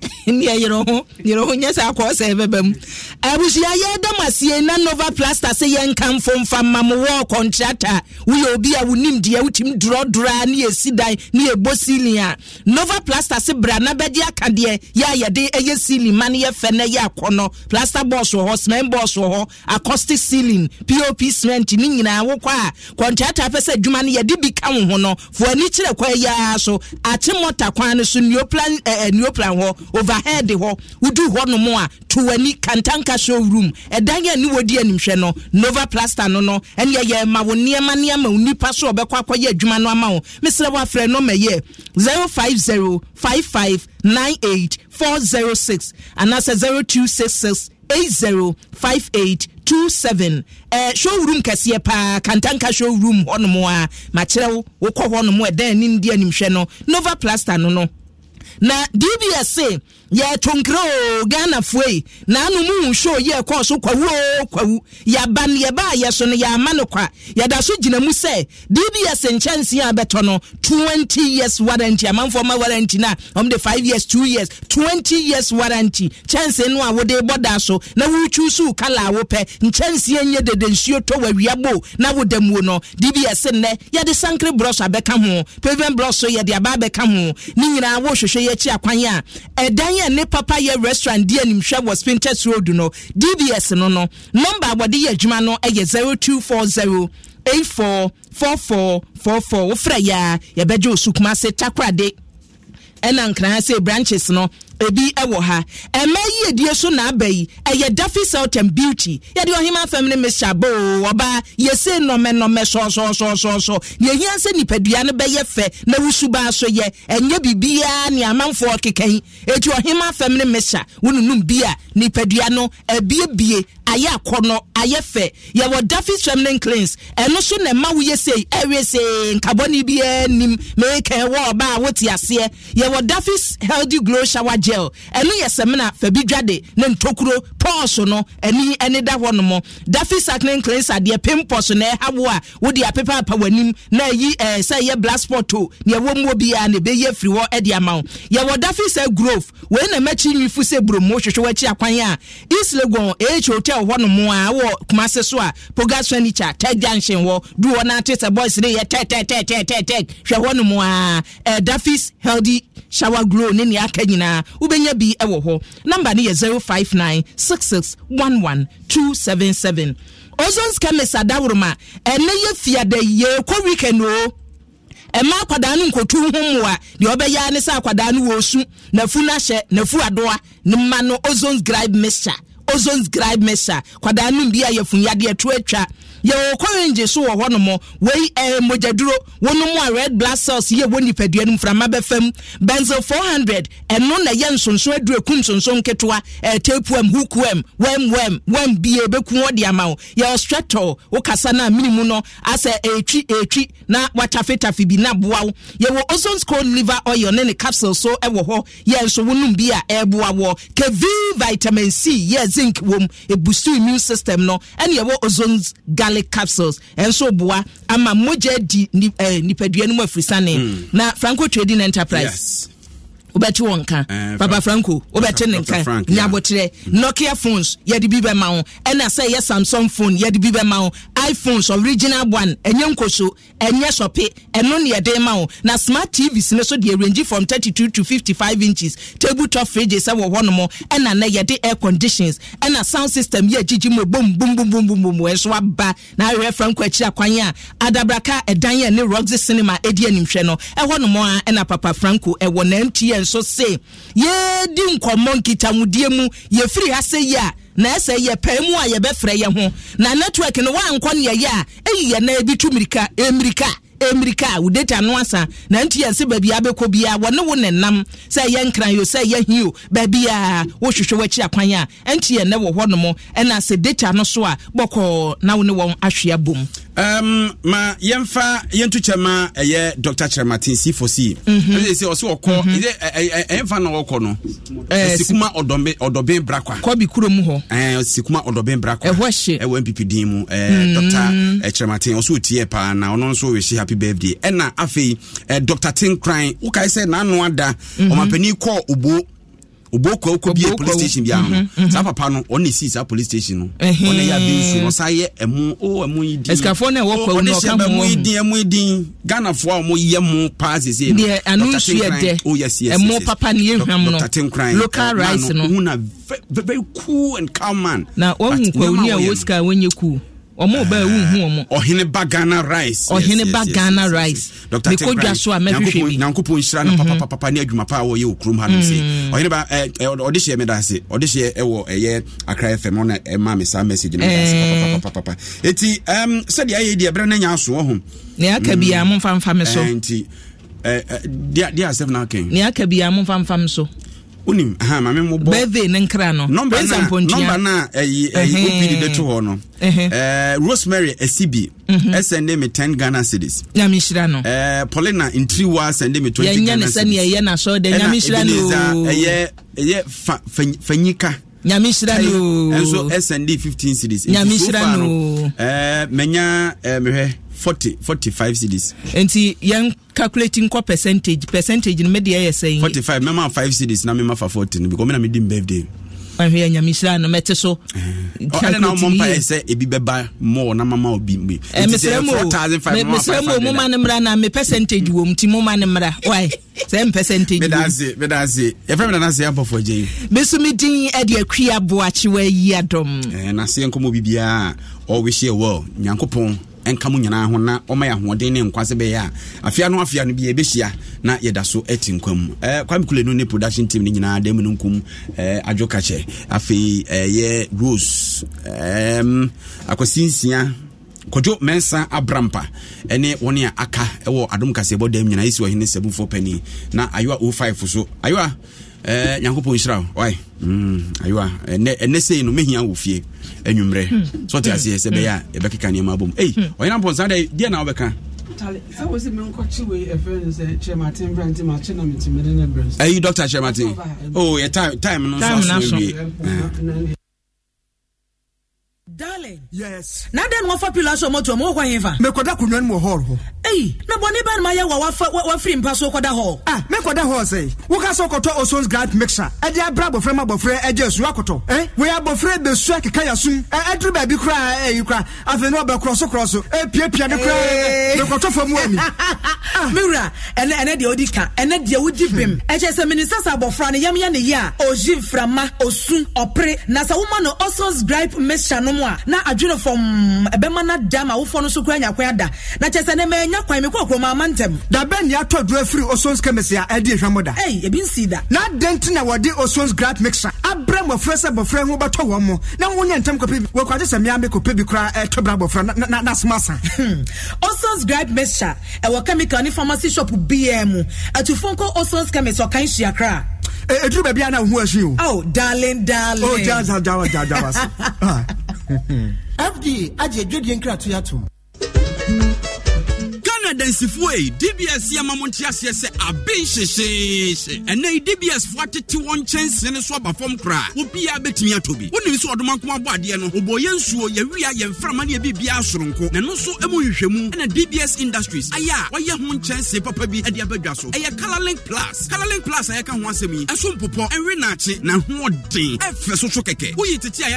Speaker 3: neɛ yerɛ ho yerɛ ho nye sɛ akɔɔ sɛ ɛbɛba mu abusua yɛda ma sie na nova plaster sɛ yɛnkamfo mfa ma mo wɔ kɔntrata woyɛ obi a wonim deɛ wotumi a ne yɛsi dan ne yɛbɔ sealing a nova plaster se bra na bɛde aka deɛ yɛ a yɛde ɛyɛ e sealing ma ne yɛfɛ na yɛ no plaster box wɔ hɔ cement box wɔ hɔ acoustic ceiling pop cement ne nyinaa wokɔ a kɔntrata pɛ sɛ adwuma no yɛde bi ka wo ho no fo ani kyerɛ kɔ yɛa so akye mɔta kwan no so neoplan eh, hɔ eh, overhead hɔ wodu hɔ nom a to w'ani kantanka showroom ɛdan a ɛni animhwɛ no nova plaster no no ɛne ɛyɛ ma wo nneɛma nneɛma wo nipa so ɔbɛkɔ akɔyɛ adwuma no ama wo mesrɛ woafrɛ nɔma yɛ 050 55 98 406 anaasɛ 0266 805827 eh, showroom kɛseɛ paa kantanka showroom hɔnom a makyerɛ wo wokɔ hɔnom ɛdan ani ndi animhwɛ no nova plaster no no na dbs say yɛtonkere o ghanafoɔ yi naano mu hu show yɛ ɛkɔɔ so kwawu o kwawu yɛaba no yɛba a yɛ so no yɛama no kwa yɛda so gyina mu sɛ dbs nkyɛnsee a bɛtɔ no 20 years warranty amanfoɔ ma warranty no a ɔmde 5 years 2 years 20 years warranty kyɛnsee no a wode bɔ da so na woretwiw so wo kala a wopɛ nkyɛnsee nyɛ dede nsuo tɔ wawia bo na woda muo no dbs nnɛ yɛde sankere brɔs abɛka ho pavement brɔs so yɛde aba abɛka ho ne nyinaa wohwehwɛ yɛakyi akwan a ɛdan yɛn ne papa yɛ restaurant di animhwɛ wɔ spintex road no dbs no no nɔmba a wɔde yɛ adwuma no yɛ zero two four zero eight four four four four four wofra yɛ a yɛbɛgye osu kumase takoradi ɛna nkran sɛ branches no ebi ɛwɔ ha ɛmɛ yi edie so na aba yi ɛyɛ daffy selton beauty yɛde ɔhema fam ne mr boo ɔbaa yɛse nnɔmɛnnɔmɛ sɔɔsɔɔsɔɔsɔ deɛ ehia sɛ nipadua no bɛyɛ fɛ na wusubaa so yɛ ɛnyɛ biribiara ne amanfoɔ kekan eti ɔhema fam ne mr wonunum bi a nipadua no ebiebie ayɛ akɔnɔ ayɛ fɛ yɛwɔ daffy feminine cleans ɛno so na ɛma wo yɛ sei ɛwie sei nkabɔne biara nim mɛ kɛn wɔ ɔbaa wote aseɛ yɛwɔ daffy healthy glow shower gel gel ɛno yɛ sɛmina fabi dwade ne ntokuro pɔɔso no ɛni ɛni da hɔ nom dafi sakne cleanser deɛ pimpɔs na ɛha a wode apepa apa w'anim na ɛyi ɛɛ eh, sɛ ɛyɛ black nea ɛwɔ mu obiara na ɛbɛyi afiri hɔ ɛde ama wo yɛwɔ dafi sɛ grove wei na mɛkyi nwifu sɛ bromo hwehwɛ w'akyi akwan a east legon eh hotel hɔ nom a wɔ kumase so a pogas furniture tech junction wɔ du hɔ na sɛ boys shower glow ne nea aka nyinaa wobɛnya bi wɔ hɔ number no yɛ 059 6611277 ozons chemist adaworoma ɛnɛ yɛ fiada yɛkɔ weekend o ɛma akwadaa no nkotu ho mmoa deɛ ɔbɛyɛ ne sɛ akwadaa no wɔsu nafu no ahyɛ nafu adoa ne ma no ozons gribe mesa ozons gribe mesa kwadaa no bi a yɛfunyadeɛ to atwa yɛwɔ kɔrɛngye so wɔ hɔnom wei ɛyɛ eh, mogyaduro wɔnom a red blood cells yɛ wɔ nipadua no mframa bɛfam benzel 400 ɛno na ɛyɛ nsonson aduro ku nsonson nketewa ɛtɛpuam eh, hukuam wam wam wam bie bɛku wɔ de ama wo yɛwɔ stretol wo kasa minimu no asɛ ɛtwi ɛtwi na watafetafe bi na boa wo yɛwɔ ozone cold liver oil ne ne capsule so ɛwɔ hɔ yɛ nso wonom bi a ɛɛboa wɔ kevi vitamin c yɛ zinc wom ɛbusu immune system no ɛne yɛwɔ ozone gas garlic capsules ɛnso boa ama mogya di eh, nipadua no mu afirisane hmm. na franco trading enterprise yes. wobɛte wɔn nka eh, papa franco wobɛte ne nka nyabotrɛ nokia phones yɛde bi bɛma wo ɛna sɛ ɛyɛ samsung phone yɛde bi bɛma wo iphones original one ɛnyɛ nkoso ɛnyɛ sɔpe ɛno ne yɛde ma wo na smart tvs no so deɛ range from 32 to 55 inches table top fridges ɛwɔ hɔnom ɛna nɛ yɛde air conditions ɛna sound system yɛ agyigyi mu bom bom bom bom bom ɛnso aba na ahwehwɛ franco akyiri akwan a adabraka ɛdan yɛ ne roxy cinema ɛdi animhwɛ no ɛhɔnom a ɛna papa franco ɛwɔ na mtn nso se yɛdi nkɔmmɔ nkitahodie mu yɛfiri ha sɛ yi a na ɛsɛ yɛ pɛɛ mu a yɛbɛfrɛ yɛ ho na network no woankɔ no yɛyɛ a ɛyi yɛ na ɛbi tu mmirika mmirika mmirika a wo data no asa na nti yɛn sɛ baabi abɛkɔ biara wɔne wo ne nam sɛ yɛ nkran yo sɛ yɛ hio baabi a wohwehwɛ w'akyi akwan a nti yɛn nɛ wɔ hɔnom ɛna sɛ data no so a bɔkɔɔ na wo ne wɔn ahwea bom
Speaker 2: um, ma yɛmfa yɛnto kyɛma ɛyɛ eh, dr kyerɛmaten c4c mhm. ɛsɛ sɛ ɔsɛ ɔkɔ mhm. ɛyɛmfa na ɔkɔ no sikuma ɔdɔben brakwa kɔbi kurom hɔ sikuma ɔdɔben brakwa ɛhɔ hye ɛwɔ npp din mu dr mhm. kyerɛmaten ɔsɛ ɔtiɛ paa na ɔno nso wɛhyɛ happy birthday ɛna afei dr tenkran wokae sɛ n'ano ada ɔmapanin kɔɔ obo obokwa okɔ bi yɛ police station bi ano mhm, mhm. saa papa no ɔne si saa police station no ɔne yɛ abe nsu no saa yɛ ɛmu o ɛmu yi din ɛsikafoɔ na ɛwɔ kwawu na ɔka mu ɛmu yi din ɛmu yi din ghanafoɔ a wɔn yɛ mu paa sese no deɛ ɛnu nsu yɛ dɛ o oh, yes yes ɛmu papa ni yɛ hwam no dɔkita nkran local rice no na very cool and calm man na wɔn mu ni a sika wɔn cool ɔmo ɔba ewu hu ɔmo. ɔhene ba ghana rice. ɔhene ba ghana rice. dr tekran mekɔ dwa so a mɛhwehwɛ bi. nyankopɔn nhyira no mhm. papapapa ne adwuma pa a wɔyɛ wɔ kurom ha no se mhm. ɔhene ba ɔde hyɛ meda ase ɔde hyɛ ɛwɔ ɛyɛ akra fm ɔna ɛma me saa message no ɛɛ eh. papapapa eti sɛdeɛ ayɛ deɛ ɛbrɛ ne nya aso wɔ ho. ne aka bi a mm. mo nfa nfa mi so. ɛɛ eh, nti ɛɛ deɛ asɛm na aka yi. ne aka bi a mo nfa nfa mi so wonim mame mobɔ bɛve ne nkra no nɔmba no a ɛyi obi de de to hɔ no eh, rosemary asibi mhm. ɛsɛnde me 10 ghana cities nyamehyira no eh, paulina ntriwa sɛnde me 20 yɛnyɛ ne sɛneɛ
Speaker 3: ɛyɛ nasɔde nyamehyira no ɛyɛ
Speaker 2: ɛyɛ fanyika nyamehyira no ɛnso ɛsɛnde 15 cities nyamehyira no eh, manya mehwɛ 40 45 cedis nti yɛn calculating nkɔ percentage percentage no mede ɛyɛ sɛn 45 mɛma 5 cedis na mema fa 40 no because mena medi birthday
Speaker 3: ahwɛ nyamehyira no mɛte so ɛne eh. na womɔ mpaɛ
Speaker 2: sɛ ebi bɛba mɔɔ na mama obi eh, me mesrɛ mu moma no mmra
Speaker 3: na me percentage wɔ m nti moma no mmra wae
Speaker 2: sɛ mpercentage medase yɛfrɛ me nanaseɛ abɔfo agye meso medin ɛde akwi aboakyewa yi adɔm eh, naseɛ nkɔmmɔ bibiaa ɔwehyeɛ wɔ nyankopɔn nka mu nyinaa ho na ɔma yɛ ahoɔden ne nkwase bɛyɛ a afia no afia no bi yɛbɛhyia na yɛda so ati nkwa mu kwame kulenu ne production team no nyinaa dan mu no nkum adwo kakyɛ afei ɛyɛ rose akwasinsia kwadwo mɛnsa abrampa ɛne wɔn a aka ɛwɔ adom kaseɛbɔ dam nyinaa esi ɔhene sɛbufo panyin na ayoa 05 so ayoa Eh, nyankopɔn nhyira wae hmm, ayiwa ɛnɛ sei no mɛhia wɔ fie anwummerɛ hmm. sɛ ɔte aseɛ sɛ bɛyɛ a yɛbɛkeka hmm. nneɛma abom ei ɔyena mpɔnsa dɛ deɛ na wobɛka ayi dr kyerɛmaten o yɛ time no so asomawie
Speaker 3: darling. yes. na den wọn fa pila so mọtò ọmọ wọkọ yẹn fa. mẹkọdà kùnú ẹni wọ hall hɔ. eyi na bọ ní báyìí wa wa wà wà firi mpa so kọdà hall. Ah, a mẹkọdà hall sẹyìn wọkà sọ kọtọ ozone mixer ẹdí e abúlé abọfra ma bọfra ẹjẹ e esu akọtọ ẹ eh? wọ́n abọfra ebesu akeka yasun ẹ eh, ẹdúró e bẹẹbi kura ẹyí eh, kura afẹnú ọbẹ kúrọsọ kúrọsọ ẹ piapia ní kura ẹ mẹkọtọ fọmú ẹni. miwura ɛnɛ ɛnɛ deɛ odi ka ɛnɛ deɛ wodi bim ɛkyɛ sɛ minisasa abɔfra no yamya ne yie a oyi osun ɔpere na sɛ woma no ozone grant mixer no mu a a na adwene fam ɛbɛma no da ma no so kora nyakoa da na kyɛ sɛ ne maanya kwan mekɔ akuromama ntɛm dabɛ ne atɔ duro afiri osons chemist a ɛde ɛhwɛ mo da ei ebi nsii da na adɛn nti na wɔde osons grad mixer abrɛ mmɔfra sɛ bɔfra ho bɛtɔ wɔn mo na wonyɛ ntɛm kɔpɛ bi wɔkɔagye sɛ mmea me kɔpɛ bi koraa ɛtɔ bra bɔfra na asoma asa hmm. osons grad mixture ɛwɔ chemical ne pharmacy shop biaa mu atufo nkɔ osons chemist ɔkan hyiakraa eduru baabi a na ohun o. oh darlin darlin. o oh, ja
Speaker 2: ja ja ja ja wa se. Ah. fda agye edwadie nkratoya tom ɛna yi dbs yɛ ma mo nte aseɛ sɛ abe hyehyeehye ɛnɛ yi dbs foɔ atete wɔn nkyɛnsee no so aba fam koraa obiaa bɛtumi atɔ bi wonim sɛ ɔdoma nko abɔ adeɛ no wɔbɔ yɛ nsuo yɛwia yɛmframa ne yɛbiribiaa soronko na ɛno nso mu nhwehwɛmu dbs industries ayɛ a wɔyɛ ho nkyɛnsee papa bi de abadwa so ɛyɛ colorlink plus colorlink plus a yɛka ho asɛm yi ɛso mpopɔ ɛwe naakye na ho ɔden ɛfɛ so so
Speaker 5: kɛkɛ woyi tete a